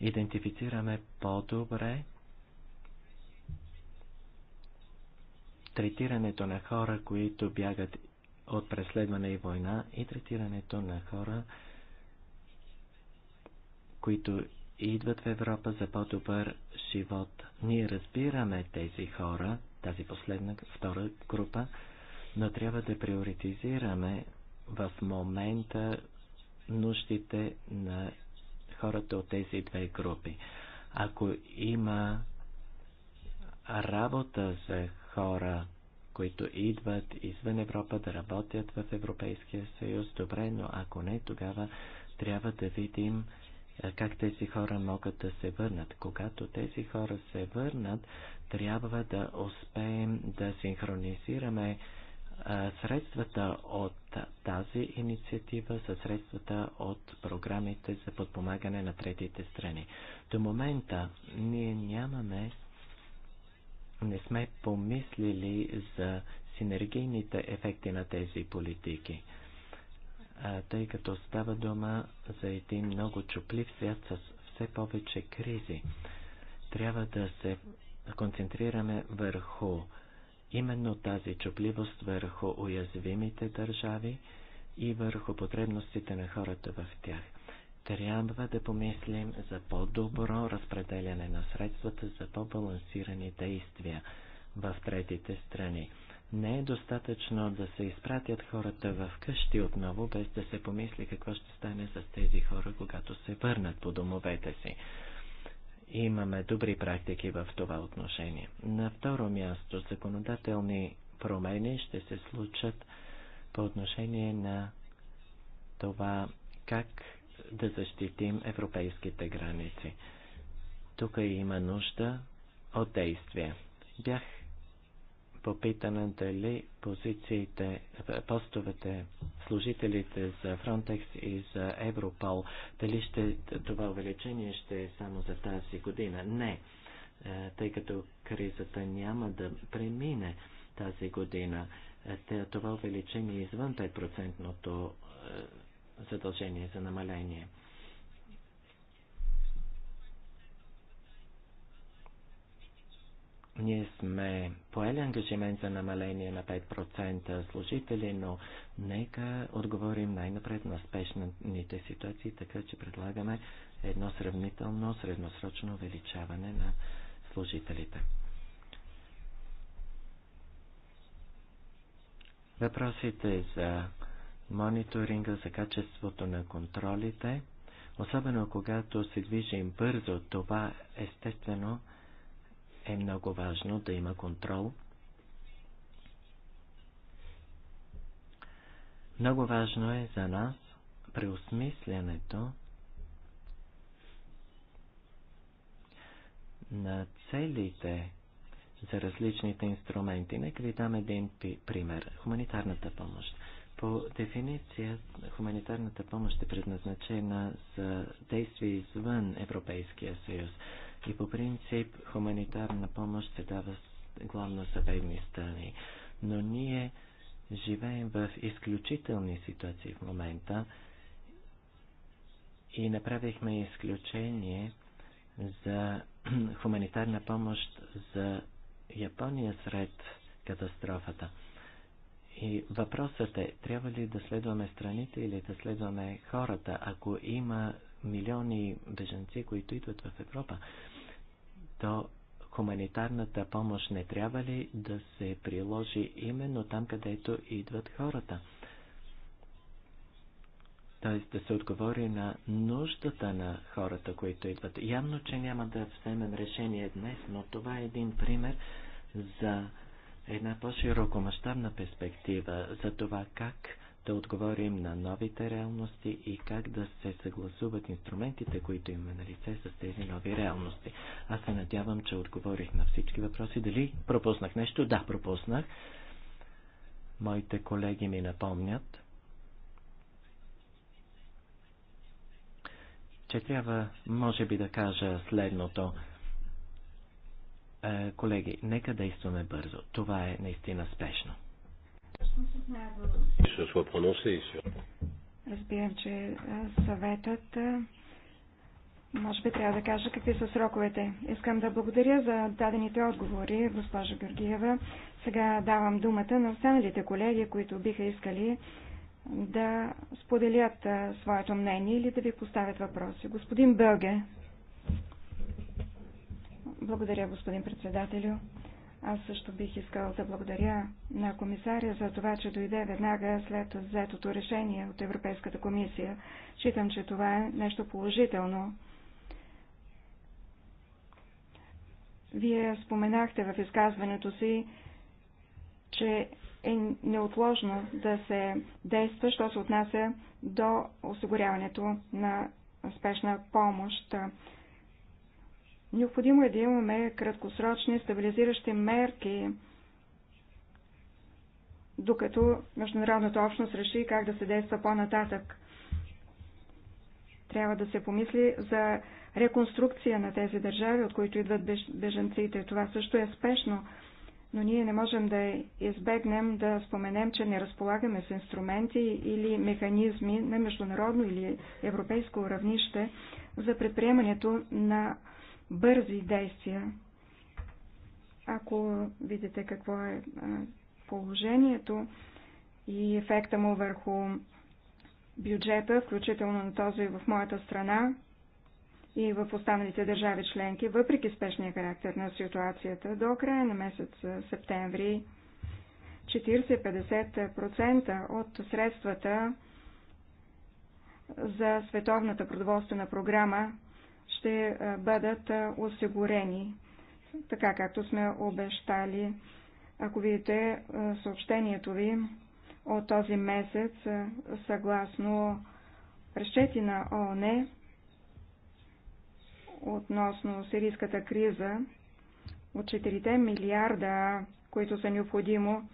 идентифицираме по-добре третирането на хора, които бягат от преследване и война и третирането на хора, които идват в Европа за по-добър живот. Ние разбираме тези хора, тази последна, втора група, но трябва да приоритизираме в момента нуждите на хората от тези две групи. Ако има работа за хора, които идват извън Европа да работят в Европейския съюз, добре, но ако не, тогава трябва да видим как тези хора могат да се върнат. Когато тези хора се върнат, трябва да успеем да синхронизираме Средствата от тази инициатива са средствата от програмите за подпомагане на третите страни. До момента ние нямаме, не сме помислили за синергийните ефекти на тези политики, тъй като става дума за един много чуплив свят с все повече кризи. Трябва да се концентрираме върху именно тази чупливост върху уязвимите държави и върху потребностите на хората в тях. Трябва да помислим за по-добро разпределяне на средствата за по-балансирани действия в третите страни. Не е достатъчно да се изпратят хората в къщи отново, без да се помисли какво ще стане с тези хора, когато се върнат по домовете си имаме добри практики в това отношение. На второ място, законодателни промени ще се случат по отношение на това как да защитим европейските граници. Тук има нужда от действие. Бях попитана дали позициите, постовете, служителите за Frontex и за Европол, дали ще, това увеличение ще е само за тази година. Не, е, тъй като кризата няма да премине тази година. Е, това увеличение е извън 5 е, задължение за намаление. Ние сме поели ангажимент за намаление на 5% служители, но нека отговорим най-напред на спешните ситуации, така че предлагаме едно сравнително средносрочно увеличаване на служителите. Въпросите за мониторинга, за качеството на контролите, особено когато се движим бързо, това естествено е много важно да има контрол. Много важно е за нас преосмислянето на целите за различните инструменти. Нека ви дам един пример. Хуманитарната помощ. По дефиниция, хуманитарната помощ е предназначена за действия извън Европейския съюз. И по принцип хуманитарна помощ се дава главно за бедни страни. Но ние живеем в изключителни ситуации в момента и направихме изключение за хуманитарна помощ за Япония сред катастрофата. И въпросът е, трябва ли да следваме страните или да следваме хората, ако има милиони беженци, които идват в Европа то хуманитарната помощ не трябва ли да се приложи именно там, където идват хората? т.е. да се отговори на нуждата на хората, които идват. Явно, че няма да вземем решение днес, но това е един пример за една по широкомащабна перспектива, за това как да отговорим на новите реалности и как да се съгласуват инструментите, които имаме на лице с тези нови реалности. Аз се надявам, че отговорих на всички въпроси. Дали пропуснах нещо? Да, пропуснах. Моите колеги ми напомнят, че трябва, може би, да кажа следното. Е, колеги, нека действаме бързо. Това е наистина спешно. Разбирам, че съветът може би трябва да кажа какви са сроковете. Искам да благодаря за дадените отговори, госпожа Георгиева. Сега давам думата на останалите колеги, които биха искали да споделят своето мнение или да ви поставят въпроси. Господин Бълге. Благодаря, господин председателю. Аз също бих искал да благодаря на комисаря за това, че дойде веднага след взетото решение от Европейската комисия. Считам, че това е нещо положително. Вие споменахте в изказването си, че е неотложно да се действа, що се отнася до осигуряването на спешна помощ. Необходимо е да имаме краткосрочни стабилизиращи мерки, докато международната общност реши как да се действа по-нататък. Трябва да се помисли за реконструкция на тези държави, от които идват беженците. Това също е спешно, но ние не можем да избегнем да споменем, че не разполагаме с инструменти или механизми на международно или европейско равнище за предприемането на бързи действия. Ако видите какво е положението и ефекта му върху бюджета, включително на този в моята страна и в останалите държави членки, въпреки спешния характер на ситуацията, до края на месец септември 40-50% от средствата за Световната продоволствена програма ще бъдат осигурени, така както сме обещали. Ако видите съобщението ви от този месец, съгласно разчети на ООН относно сирийската криза, от 4 милиарда, които са необходимо,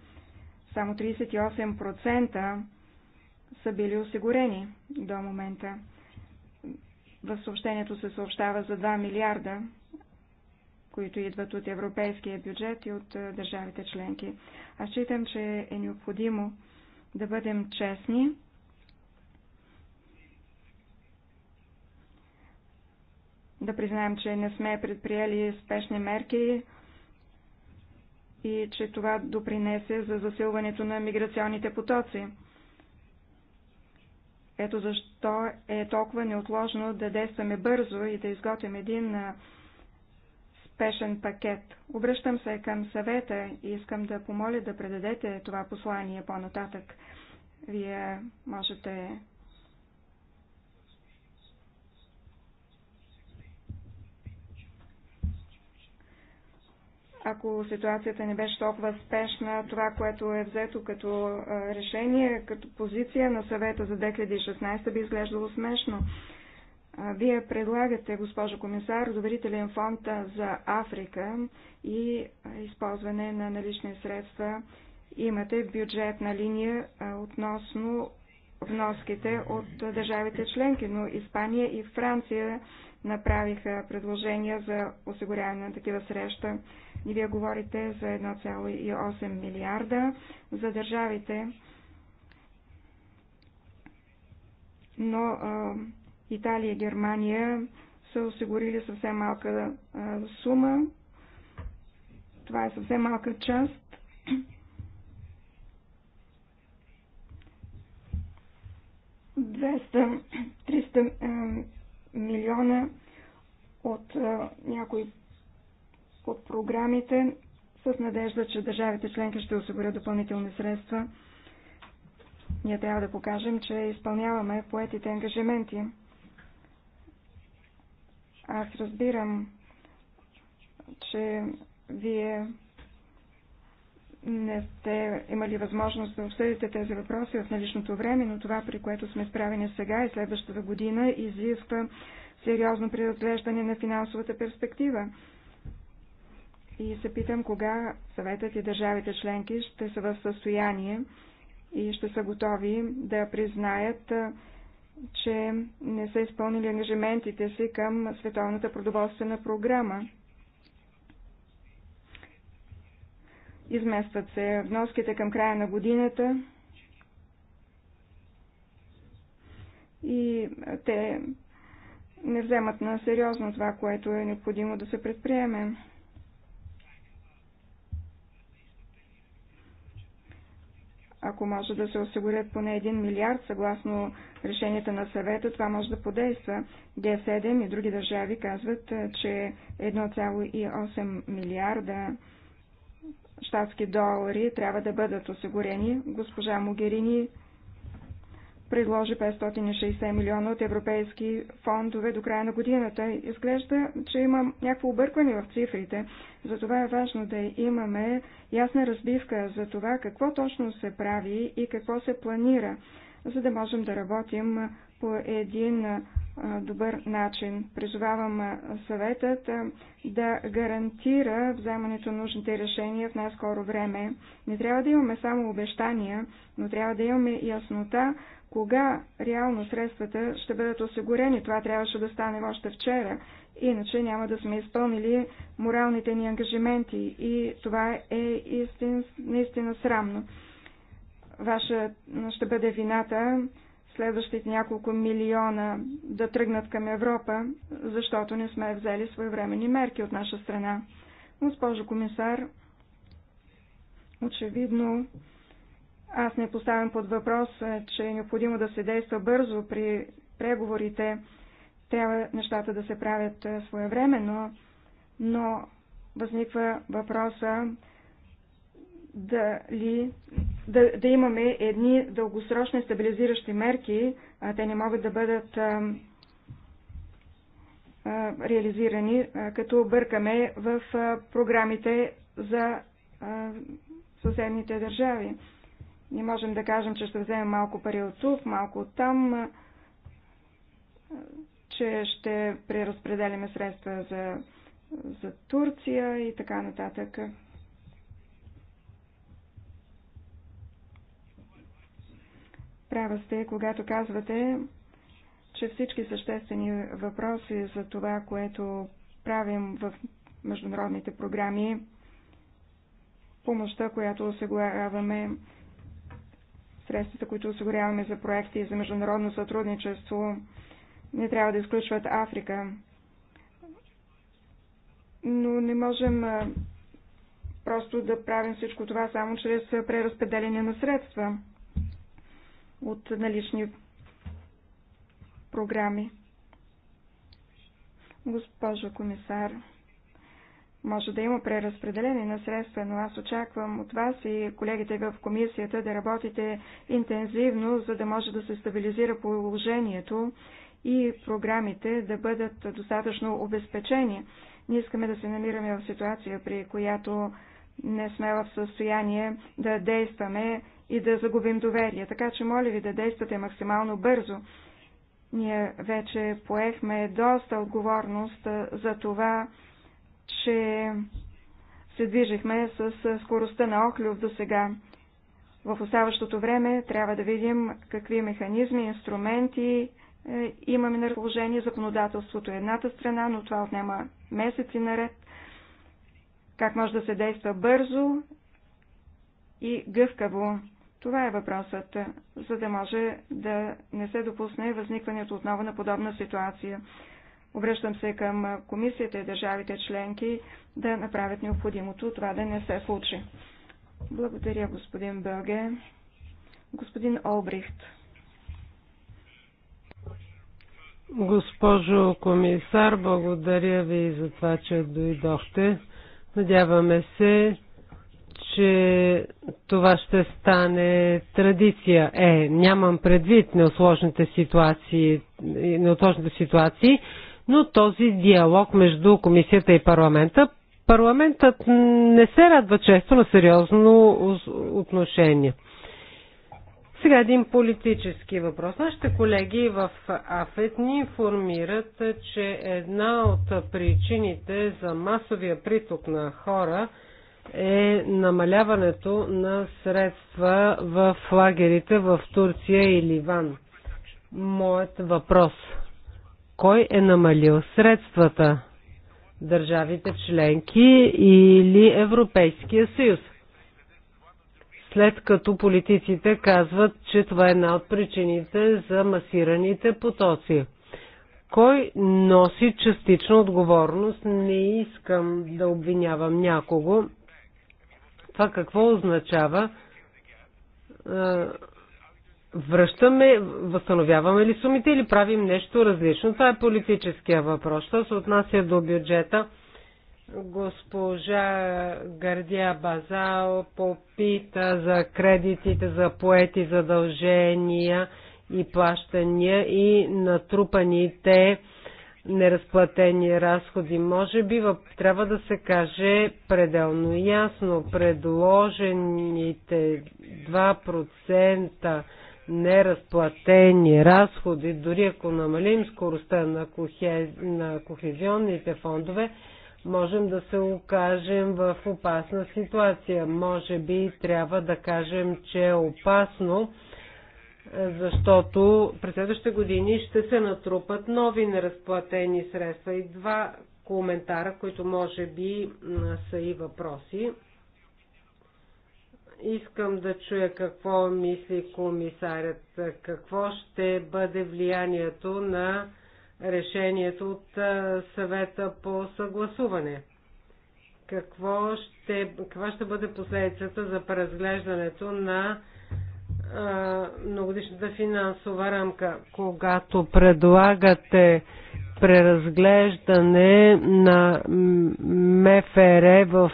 само 38% са били осигурени до момента. В съобщението се съобщава за 2 милиарда, които идват от европейския бюджет и от е, държавите членки. Аз считам, че е необходимо да бъдем честни. Да признаем, че не сме предприели спешни мерки и че това допринесе за засилването на миграционните потоци. Ето защо е толкова неотложно да действаме бързо и да изготвим един спешен пакет. Обръщам се към съвета и искам да помоля да предадете това послание по-нататък. Вие можете ако ситуацията не беше толкова спешна, това, което е взето като решение, като позиция на съвета за 2016 би изглеждало смешно. Вие предлагате, госпожо комисар, доверителен фонд за Африка и използване на налични средства. Имате бюджетна линия относно вноските от държавите членки, но Испания и Франция направиха предложения за осигуряване на такива среща. И вие говорите за 1,8 милиарда за държавите, но а, Италия и Германия са осигурили съвсем малка а, сума. Това е съвсем малка част 200-300 милиона от е, някои от програмите с надежда, че държавите членки ще осигурят допълнителни средства. Ние трябва да покажем, че изпълняваме поетите ангажименти. Аз разбирам, че вие не сте имали възможност да обсъдите тези въпроси в наличното време, но това, при което сме справени сега и следващата година, изисква сериозно преразглеждане на финансовата перспектива. И се питам кога съветът и държавите членки ще са в състояние и ще са готови да признаят, че не са изпълнили ангажиментите си към Световната продоволствена програма. Изместват се вноските към края на годината и те не вземат на сериозно това, което е необходимо да се предприеме. Ако може да се осигурят поне 1 милиард, съгласно решенията на съвета, това може да подейства. Г7 и други държави казват, че 1,8 милиарда щатски долари трябва да бъдат осигурени. Госпожа Могерини предложи 560 милиона от европейски фондове до края на годината. Изглежда, че има някакво объркване в цифрите. Затова е важно да имаме ясна разбивка за това какво точно се прави и какво се планира за да можем да работим по един добър начин. Призовавам съветът да гарантира вземането на нужните решения в най-скоро време. Не трябва да имаме само обещания, но трябва да имаме яснота кога реално средствата ще бъдат осигурени. Това трябваше да стане още вчера, иначе няма да сме изпълнили моралните ни ангажименти и това е истин, наистина срамно ваша ще бъде вината следващите няколко милиона да тръгнат към Европа, защото не сме взели своевременни мерки от наша страна. Госпожо комисар, очевидно аз не поставям под въпрос, е, че е необходимо да се действа бързо при преговорите. Трябва нещата да се правят е, своевременно, но възниква въпроса дали да, да имаме едни дългосрочни стабилизиращи мерки, а те не могат да бъдат а, а, реализирани, а, като бъркаме в а, програмите за а, съседните държави. Не можем да кажем, че ще вземем малко пари от тук, малко от там, а, че ще преразпределяме средства за, за Турция и така нататък. Права сте, когато казвате, че всички съществени въпроси за това, което правим в международните програми, помощта, която осигуряваме, средствата, които осигуряваме за проекти и за международно сътрудничество, не трябва да изключват Африка. Но не можем просто да правим всичко това само чрез преразпределение на средства от налични програми. Госпожо комисар, може да има преразпределение на средства, но аз очаквам от вас и колегите в комисията да работите интензивно, за да може да се стабилизира положението и програмите да бъдат достатъчно обезпечени. Ние искаме да се намираме в ситуация, при която не сме в състояние да действаме и да загубим доверие. Така че моля ви да действате максимално бързо. Ние вече поехме доста отговорност за това, че се движихме с скоростта на Охлюв до сега. В оставащото време трябва да видим какви механизми, инструменти е, имаме на разположение законодателството е едната страна, но това отнема месеци наред. Как може да се действа бързо и гъвкаво. Това е въпросът, за да може да не се допусне възникването отново на подобна ситуация. Обръщам се към комисията и държавите членки да направят необходимото това да не се случи. Благодаря, господин Бълге. Господин Олбрихт. Госпожо комисар, благодаря ви за това, че дойдохте. Надяваме се че това ще стане традиция. Е, нямам предвид неотложните ситуации, неотложните ситуации, но този диалог между комисията и парламента. Парламентът не се радва често на сериозно отношение. Сега един политически въпрос. Нашите колеги в АФЕТ ни информират, че една от причините за масовия приток на хора – е намаляването на средства в лагерите в Турция и Ливан. Моят въпрос. Кой е намалил средствата? Държавите членки или Европейския съюз? След като политиците казват, че това е една от причините за масираните потоци кой носи частична отговорност. Не искам да обвинявам някого. Това какво означава? Е, връщаме, възстановяваме ли сумите или правим нещо различно? Това е политическия въпрос. Що се отнася до бюджета? Госпожа Гардия Базао попита за кредитите за поети задължения и плащания и натрупаните неразплатени разходи. Може би трябва да се каже пределно ясно, предложените 2% неразплатени разходи, дори ако намалим скоростта на, кохез... на кохезионните фондове, можем да се окажем в опасна ситуация. Може би трябва да кажем, че е опасно защото през следващите години ще се натрупат нови неразплатени средства. И два коментара, които може би са и въпроси. Искам да чуя какво мисли комисарят, какво ще бъде влиянието на решението от съвета по съгласуване. Какво ще, каква ще бъде последицата за преразглеждането на многодишната финансова рамка, когато предлагате преразглеждане на МФР в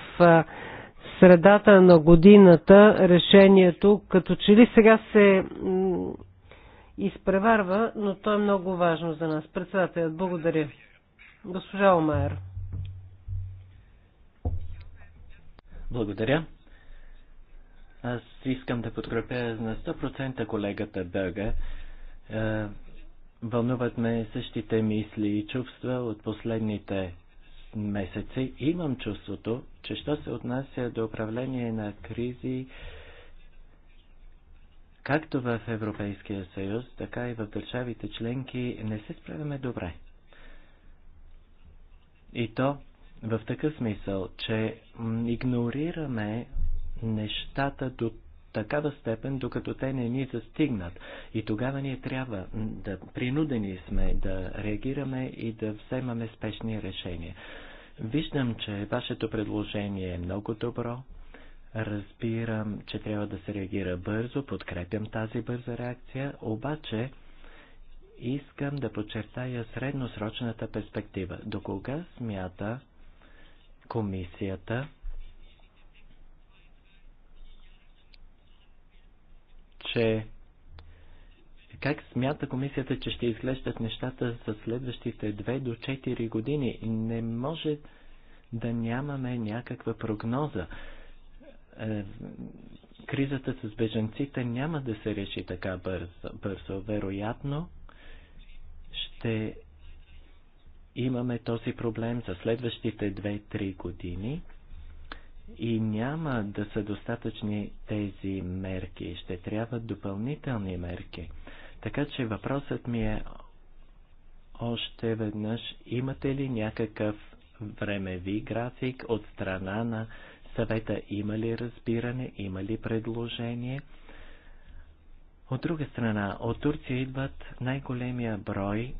средата на годината, решението като че ли сега се изпреварва, но то е много важно за нас. Председателят, благодаря. Госпожа Омайер. Благодаря. Аз искам да подкрепя на 100% колегата Бърга. Е, вълнуват ме същите мисли и чувства от последните месеци. Имам чувството, че що се отнася до управление на кризи, както в Европейския съюз, така и в държавите членки, не се справяме добре. И то в такъв смисъл, че игнорираме нещата до такава степен, докато те не ни застигнат. И тогава ние трябва да принудени сме да реагираме и да вземаме спешни решения. Виждам, че вашето предложение е много добро. Разбирам, че трябва да се реагира бързо, подкрепям тази бърза реакция, обаче искам да подчертая средносрочната перспектива. До кога смята комисията че как смята комисията, че ще изглеждат нещата за следващите 2 до 4 години? Не може да нямаме някаква прогноза. Е, кризата с беженците няма да се реши така бързо. бързо. Вероятно ще имаме този проблем за следващите 2-3 години и няма да са достатъчни тези мерки. Ще трябват допълнителни мерки. Така че въпросът ми е още веднъж, имате ли някакъв времеви график от страна на съвета? Има ли разбиране? Има ли предложение? От друга страна, от Турция идват най-големия брой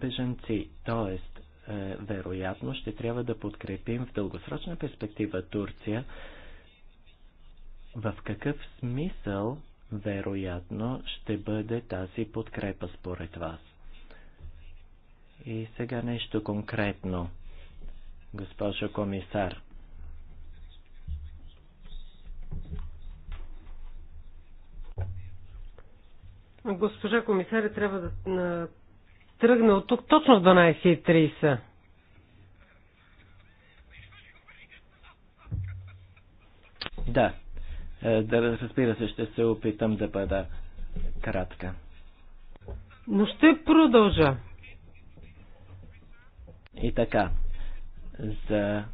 беженци, т.е. Е, вероятно ще трябва да подкрепим в дългосрочна перспектива Турция. В какъв смисъл вероятно ще бъде тази подкрепа според вас? И сега нещо конкретно, госпожо комисар. Госпожа комисаря трябва да тръгне от тук точно в 12.30. Да, е, да разбира се, ще се опитам да бъда кратка. Но ще продължа. И така, за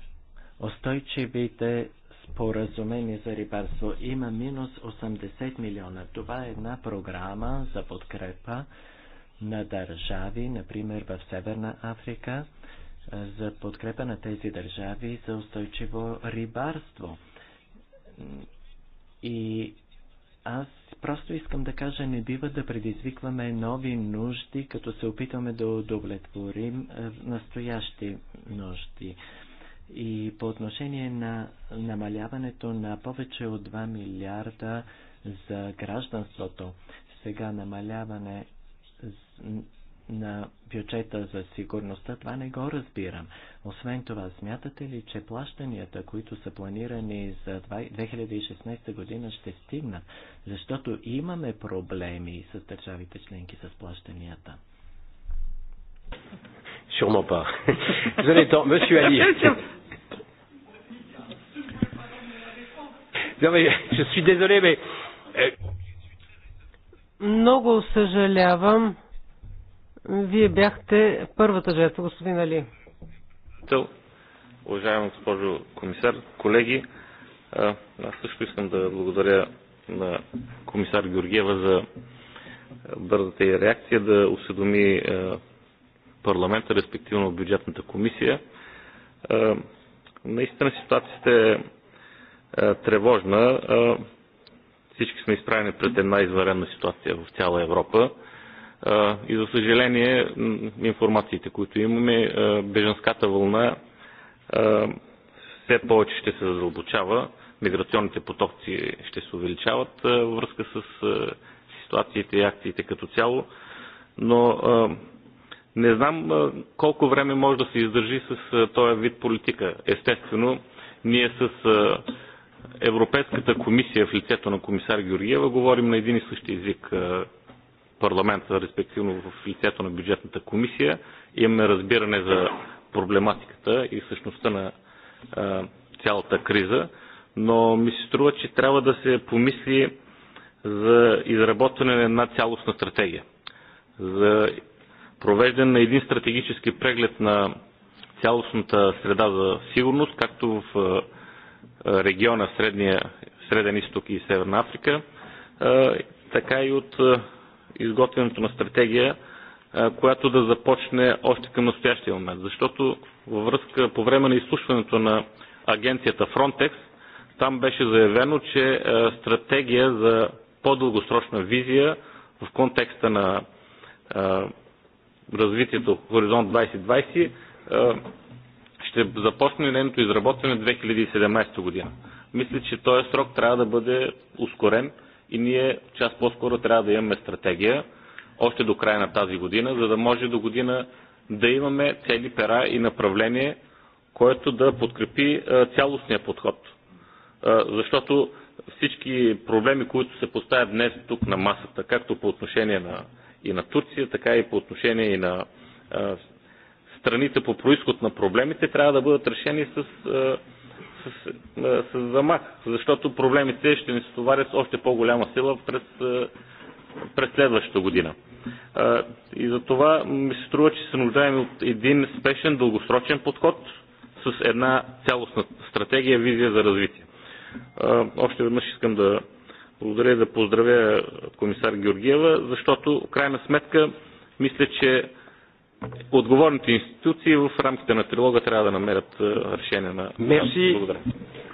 устойчивите споразумение за рибарство има минус 80 милиона. Това е една програма за подкрепа на държави, например в Северна Африка, за подкрепа на тези държави за устойчиво рибарство. И аз просто искам да кажа, не бива да предизвикваме нови нужди, като се опитваме да удовлетворим настоящи нужди. И по отношение на намаляването на повече от 2 милиарда за гражданството, сега намаляване на бюджета за сигурността, това не го разбирам. Освен това, смятате ли, че плащанията, които са планирани за 2016 година, ще стигнат? Защото имаме проблеми с държавите членки с плащанията. Sûrement pas. Vous avez temps, monsieur Ali. Non mais je suis désolé mais euh, много съжалявам. Вие бяхте първата жертва, господин Али. Уважаема госпожо комисар, колеги, аз също искам да благодаря на комисар Георгиева за бързата и реакция да осведоми парламента, респективно бюджетната комисия. Наистина ситуацията е тревожна. Всички сме изправени пред една изварена ситуация в цяла Европа. И за съжаление, информациите, които имаме, беженската вълна все повече ще се задълбочава, миграционните потоци ще се увеличават във връзка с ситуациите и акциите като цяло, но не знам колко време може да се издържи с този вид политика. Естествено, ние с Европейската комисия в лицето на комисар Георгиева говорим на един и същи език парламента, респективно в лицето на бюджетната комисия. Имаме разбиране за проблематиката и същността на цялата криза, но ми се струва, че трябва да се помисли за изработване на една цялостна стратегия, за провеждане на един стратегически преглед на цялостната среда за сигурност, както в региона Средния, Среден изток и Северна Африка, така и от изготвянето на стратегия, която да започне още към настоящия момент. Защото във връзка по време на изслушването на агенцията Frontex, там беше заявено, че стратегия за по-дългосрочна визия в контекста на развитието Хоризонт 2020 ще започне нейното изработване 2017 година. Мисля, че този срок трябва да бъде ускорен и ние част по-скоро трябва да имаме стратегия още до края на тази година, за да може до година да имаме цели пера и направление, което да подкрепи е, цялостния подход. Е, защото всички проблеми, които се поставят днес тук на масата, както по отношение на, и на Турция, така и по отношение и на е, страните по происход на проблемите трябва да бъдат решени с, с, с, с замах, защото проблемите ще ни се товарят с още по-голяма сила през, през следващата година. И за това ми се струва, че се нуждаем от един спешен, дългосрочен подход с една цялостна стратегия, визия за развитие. Още веднъж искам да благодаря и да поздравя комисар Георгиева, защото в крайна сметка мисля, че отговорните институции в рамките на трилога трябва да намерят е, решение на... Мерси. Благодаря.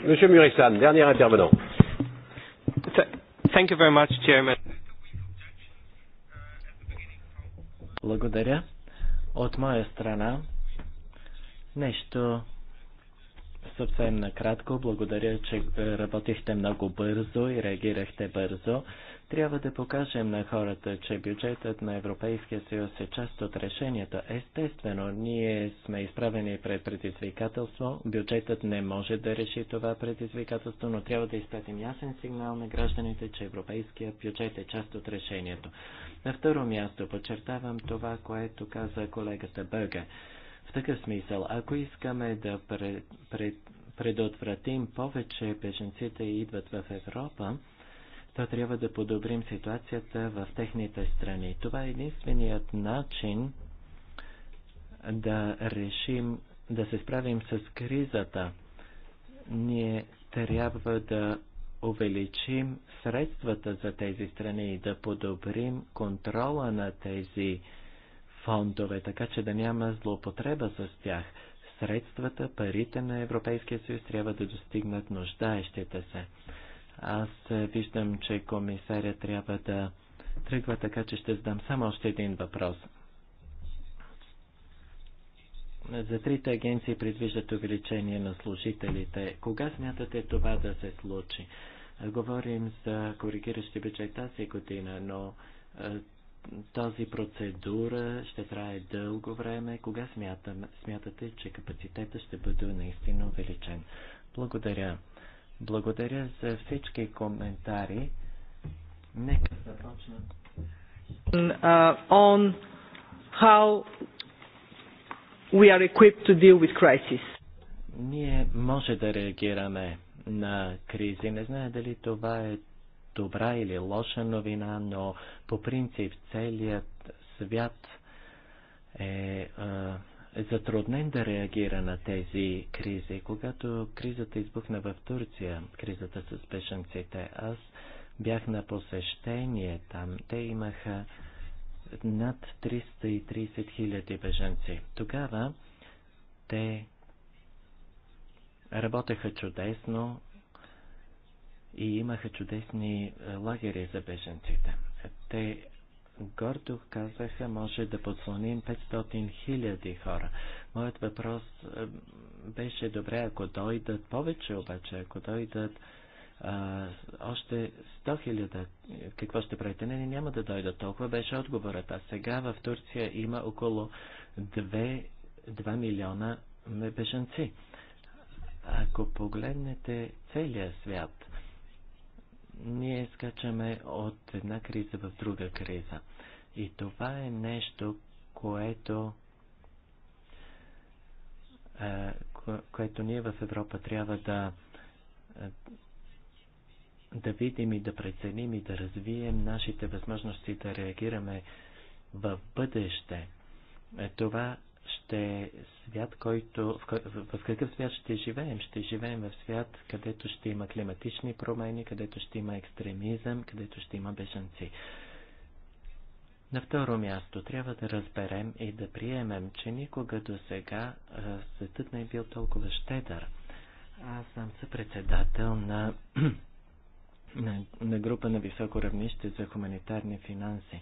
Мюрисан, Muresan, dernier Thank you very much, Chairman. Благодаря. От моя страна нещо съвсем накратко. Благодаря, че е, работихте много бързо и реагирахте бързо. Трябва да покажем на хората, че бюджетът на Европейския съюз е част от решението. Естествено, ние сме изправени пред предизвикателство. Бюджетът не може да реши това предизвикателство, но трябва да изпратим ясен сигнал на гражданите, че Европейския бюджет е част от решението. На второ място подчертавам това, което каза колегата Бърга. В такъв смисъл, ако искаме да пред, пред, предотвратим повече беженците идват в Европа, то трябва да подобрим ситуацията в техните страни. Това е единственият начин да решим, да се справим с кризата. Ние трябва да увеличим средствата за тези страни и да подобрим контрола на тези фондове, така че да няма злоупотреба с тях. Средствата, парите на Европейския съюз трябва да достигнат нуждаещите се. Аз виждам, че комисаря трябва да тръгва, така че ще задам само още един въпрос. За трите агенции предвиждат увеличение на служителите. Кога смятате това да се случи? Говорим за коригиращи бюджет тази година, но тази процедура ще трае дълго време. Кога смятам, смятате, че капацитета ще бъде наистина увеличен? Благодаря. Благодаря за всички коментари. Нека започна. Uh, on how we are equipped to deal with crisis. Ние може да реагираме на кризи. Не знае дали това е добра или лоша новина, но по принцип целият свят е, е затруднен да реагира на тези кризи. Когато кризата избухна в Турция, кризата с бешенците, аз бях на посещение там. Те имаха над 330 хиляди беженци. Тогава те работеха чудесно и имаха чудесни лагери за беженците. Те гордо казаха, може да подслоним 500 хиляди хора. Моят въпрос е, беше добре, ако дойдат повече, обаче ако дойдат а, още 100 хиляда, какво ще правите? Не, не, няма да дойдат толкова, беше отговорът. А сега в Турция има около 2, 2 милиона бежанци. Ако погледнете целия свят, ние скачаме от една криза в друга криза. И това е нещо, което, е, което ние в Европа трябва да, е, да видим и да преценим и да развием нашите възможности да реагираме в бъдеще. Е, това ще свят, който, в, в, какъв свят ще живеем? Ще живеем в свят, където ще има климатични промени, където ще има екстремизъм, където ще има бежанци. На второ място трябва да разберем и да приемем, че никога до сега светът не е бил толкова щедър. Аз съм съпредседател на, на, на група на високо равнище за хуманитарни финанси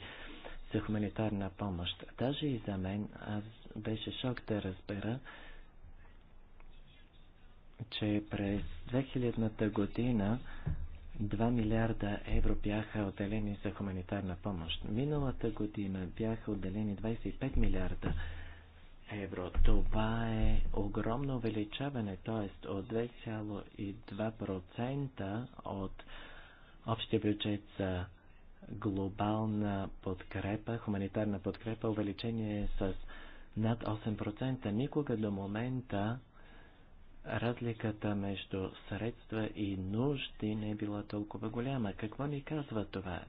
за хуманитарна помощ. Даже и за мен аз беше шок да разбера, че през 2000-та година 2 милиарда евро бяха отделени за хуманитарна помощ. Миналата година бяха отделени 25 милиарда евро. Това е огромно увеличаване, т.е. от 2,2% от общия бюджет за глобална подкрепа, хуманитарна подкрепа, увеличение с над 8%. Никога до момента разликата между средства и нужди не е била толкова голяма. Какво ни казва това?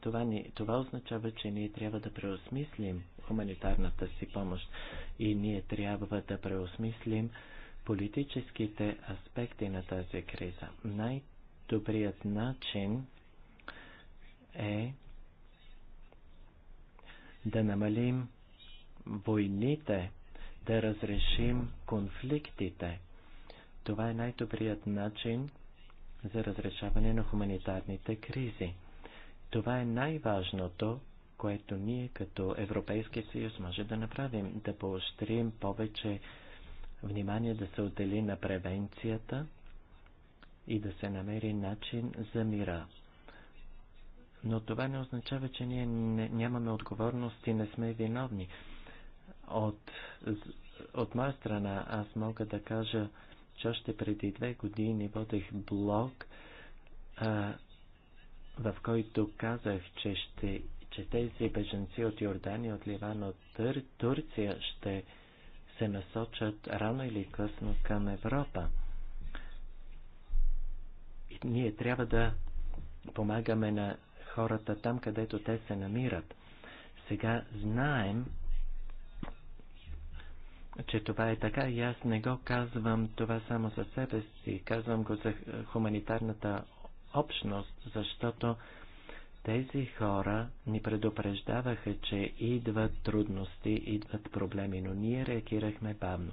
Това, ни, това означава, че ние трябва да преосмислим хуманитарната си помощ и ние трябва да преосмислим политическите аспекти на тази криза. Най-добрият начин е да намалим войните, да разрешим конфликтите. Това е най-добрият начин за разрешаване на хуманитарните кризи. Това е най-важното, което ние като Европейски съюз може да направим, да поощрим повече внимание да се отдели на превенцията и да се намери начин за мира но това не означава, че ние не, нямаме отговорност и не сме виновни. От, от моя страна аз мога да кажа, че още преди две години водех блог, а, в който казах, че, ще, че тези беженци от Йордания, от Ливан, от Тър, Турция ще се насочат рано или късно към Европа. И ние трябва да помагаме на хората там, където те се намират. Сега знаем, че това е така и аз не го казвам това само за себе си, казвам го за хуманитарната общност, защото тези хора ни предупреждаваха, че идват трудности, идват проблеми, но ние реагирахме бавно.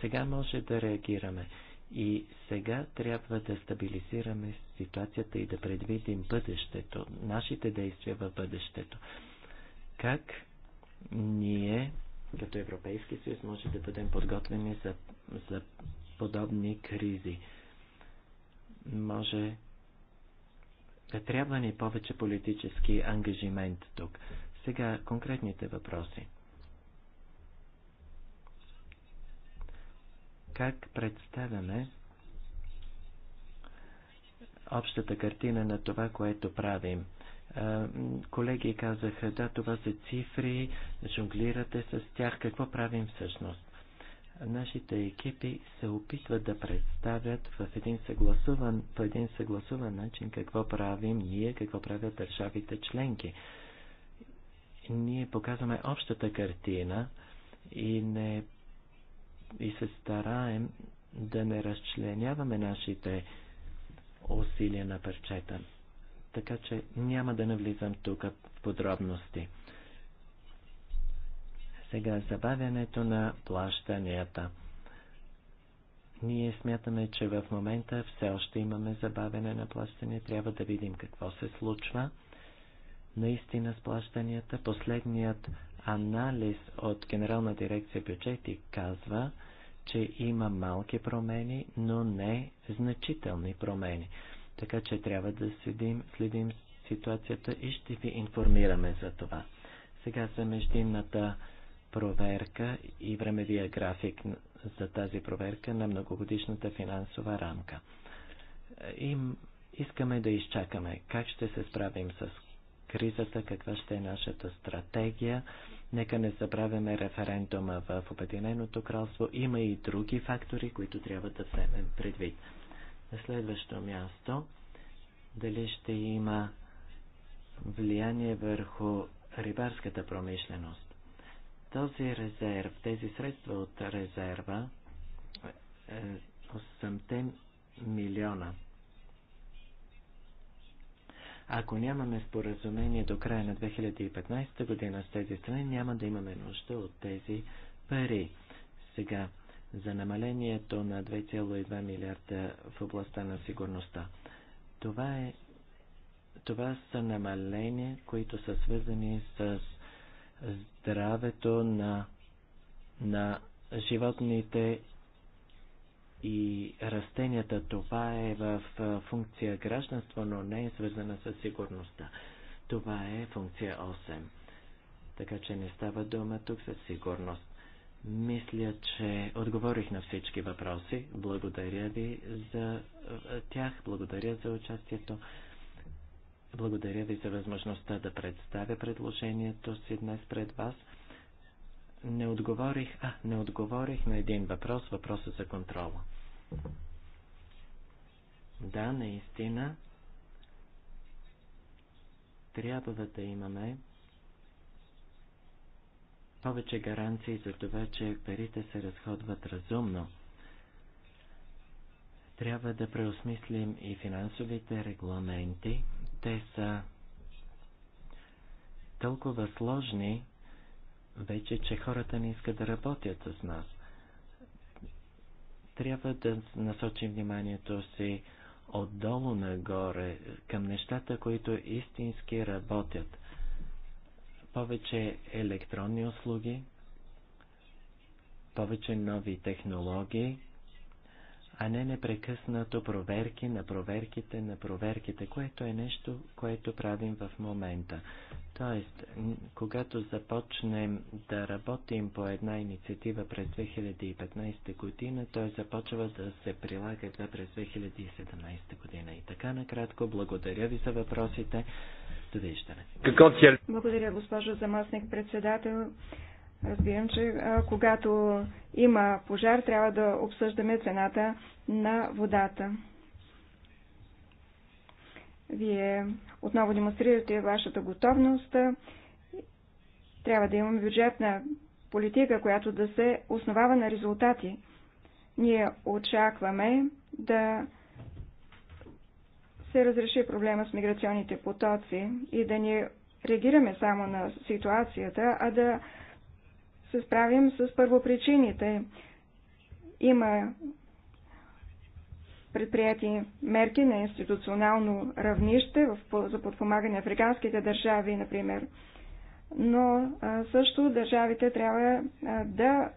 Сега може да реагираме. И сега трябва да стабилизираме ситуацията и да предвидим бъдещето, нашите действия в бъдещето. Как ние, като Европейски съюз, може да бъдем подготвени за, за подобни кризи? Може да трябва ни повече политически ангажимент тук. Сега конкретните въпроси. как представяме общата картина на това, което правим. Колеги казаха, да, това са цифри, жонглирате с тях, какво правим всъщност? Нашите екипи се опитват да представят в един съгласуван, по един съгласуван начин какво правим ние, какво правят държавите членки. Ние показваме общата картина и не и се стараем да не разчленяваме нашите усилия на парчета. Така че няма да навлизам тук в подробности. Сега забавянето на плащанията. Ние смятаме, че в момента все още имаме забавяне на плащане. Трябва да видим какво се случва. Наистина с плащанията последният анализ от Генерална дирекция бюджети казва, че има малки промени, но не значителни промени. Така че трябва да следим, следим ситуацията и ще ви информираме за това. Сега за междинната проверка и времевия график за тази проверка на многогодишната финансова рамка. И искаме да изчакаме как ще се справим с кризата, каква ще е нашата стратегия. Нека не забравяме референдума в Обединеното кралство. Има и други фактори, които трябва да вземем предвид. На следващо място, дали ще има влияние върху рибарската промишленост. Този резерв, тези средства от резерва, 8 е милиона – ако нямаме споразумение до края на 2015 година с тези страни, няма да имаме нужда от тези пари. Сега, за намалението на 2,2 милиарда в областта на сигурността. Това, е, това са намаления, които са свързани с здравето на, на животните и растенията. Това е в функция гражданство, но не е свързана с сигурността. Това е функция 8. Така че не става дума тук за сигурност. Мисля, че отговорих на всички въпроси. Благодаря ви за тях, благодаря за участието. Благодаря ви за възможността да представя предложението си днес пред вас. Не отговорих, а, не отговорих на един въпрос, въпроса за контрола. Да, наистина, трябва да имаме повече гаранции за това, че парите се разходват разумно. Трябва да преосмислим и финансовите регламенти. Те са толкова сложни, вече, че хората не искат да работят с нас трябва да насочим вниманието си отдолу нагоре към нещата, които истински работят. Повече електронни услуги, повече нови технологии – а не непрекъснато проверки на проверките на проверките, което е нещо, което правим в момента. Тоест, когато започнем да работим по една инициатива през 2015 година, той започва да се прилага едва през 2017 година. И така накратко, благодаря ви за въпросите. Довиждане. Е? Благодаря, госпожо Замасник, председател. Разбирам, че когато има пожар, трябва да обсъждаме цената на водата. Вие отново демонстрирате вашата готовност. Трябва да имаме бюджетна политика, която да се основава на резултати. Ние очакваме да се разреши проблема с миграционните потоци и да ни реагираме само на ситуацията, а да се справим с първопричините. Има предприяти мерки на институционално равнище за подпомагане на африканските държави, например. Но също държавите трябва да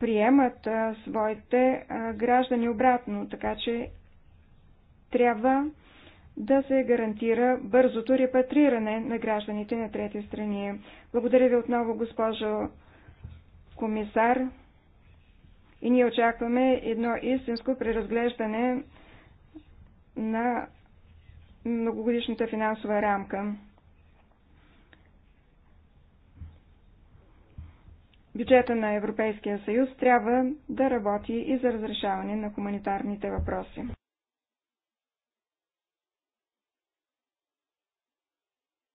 приемат своите граждани обратно, така че трябва да се гарантира бързото репатриране на гражданите на трети страни. Благодаря ви отново, госпожо комисар. И ние очакваме едно истинско преразглеждане на многогодишната финансова рамка. Бюджета на Европейския съюз трябва да работи и за разрешаване на хуманитарните въпроси.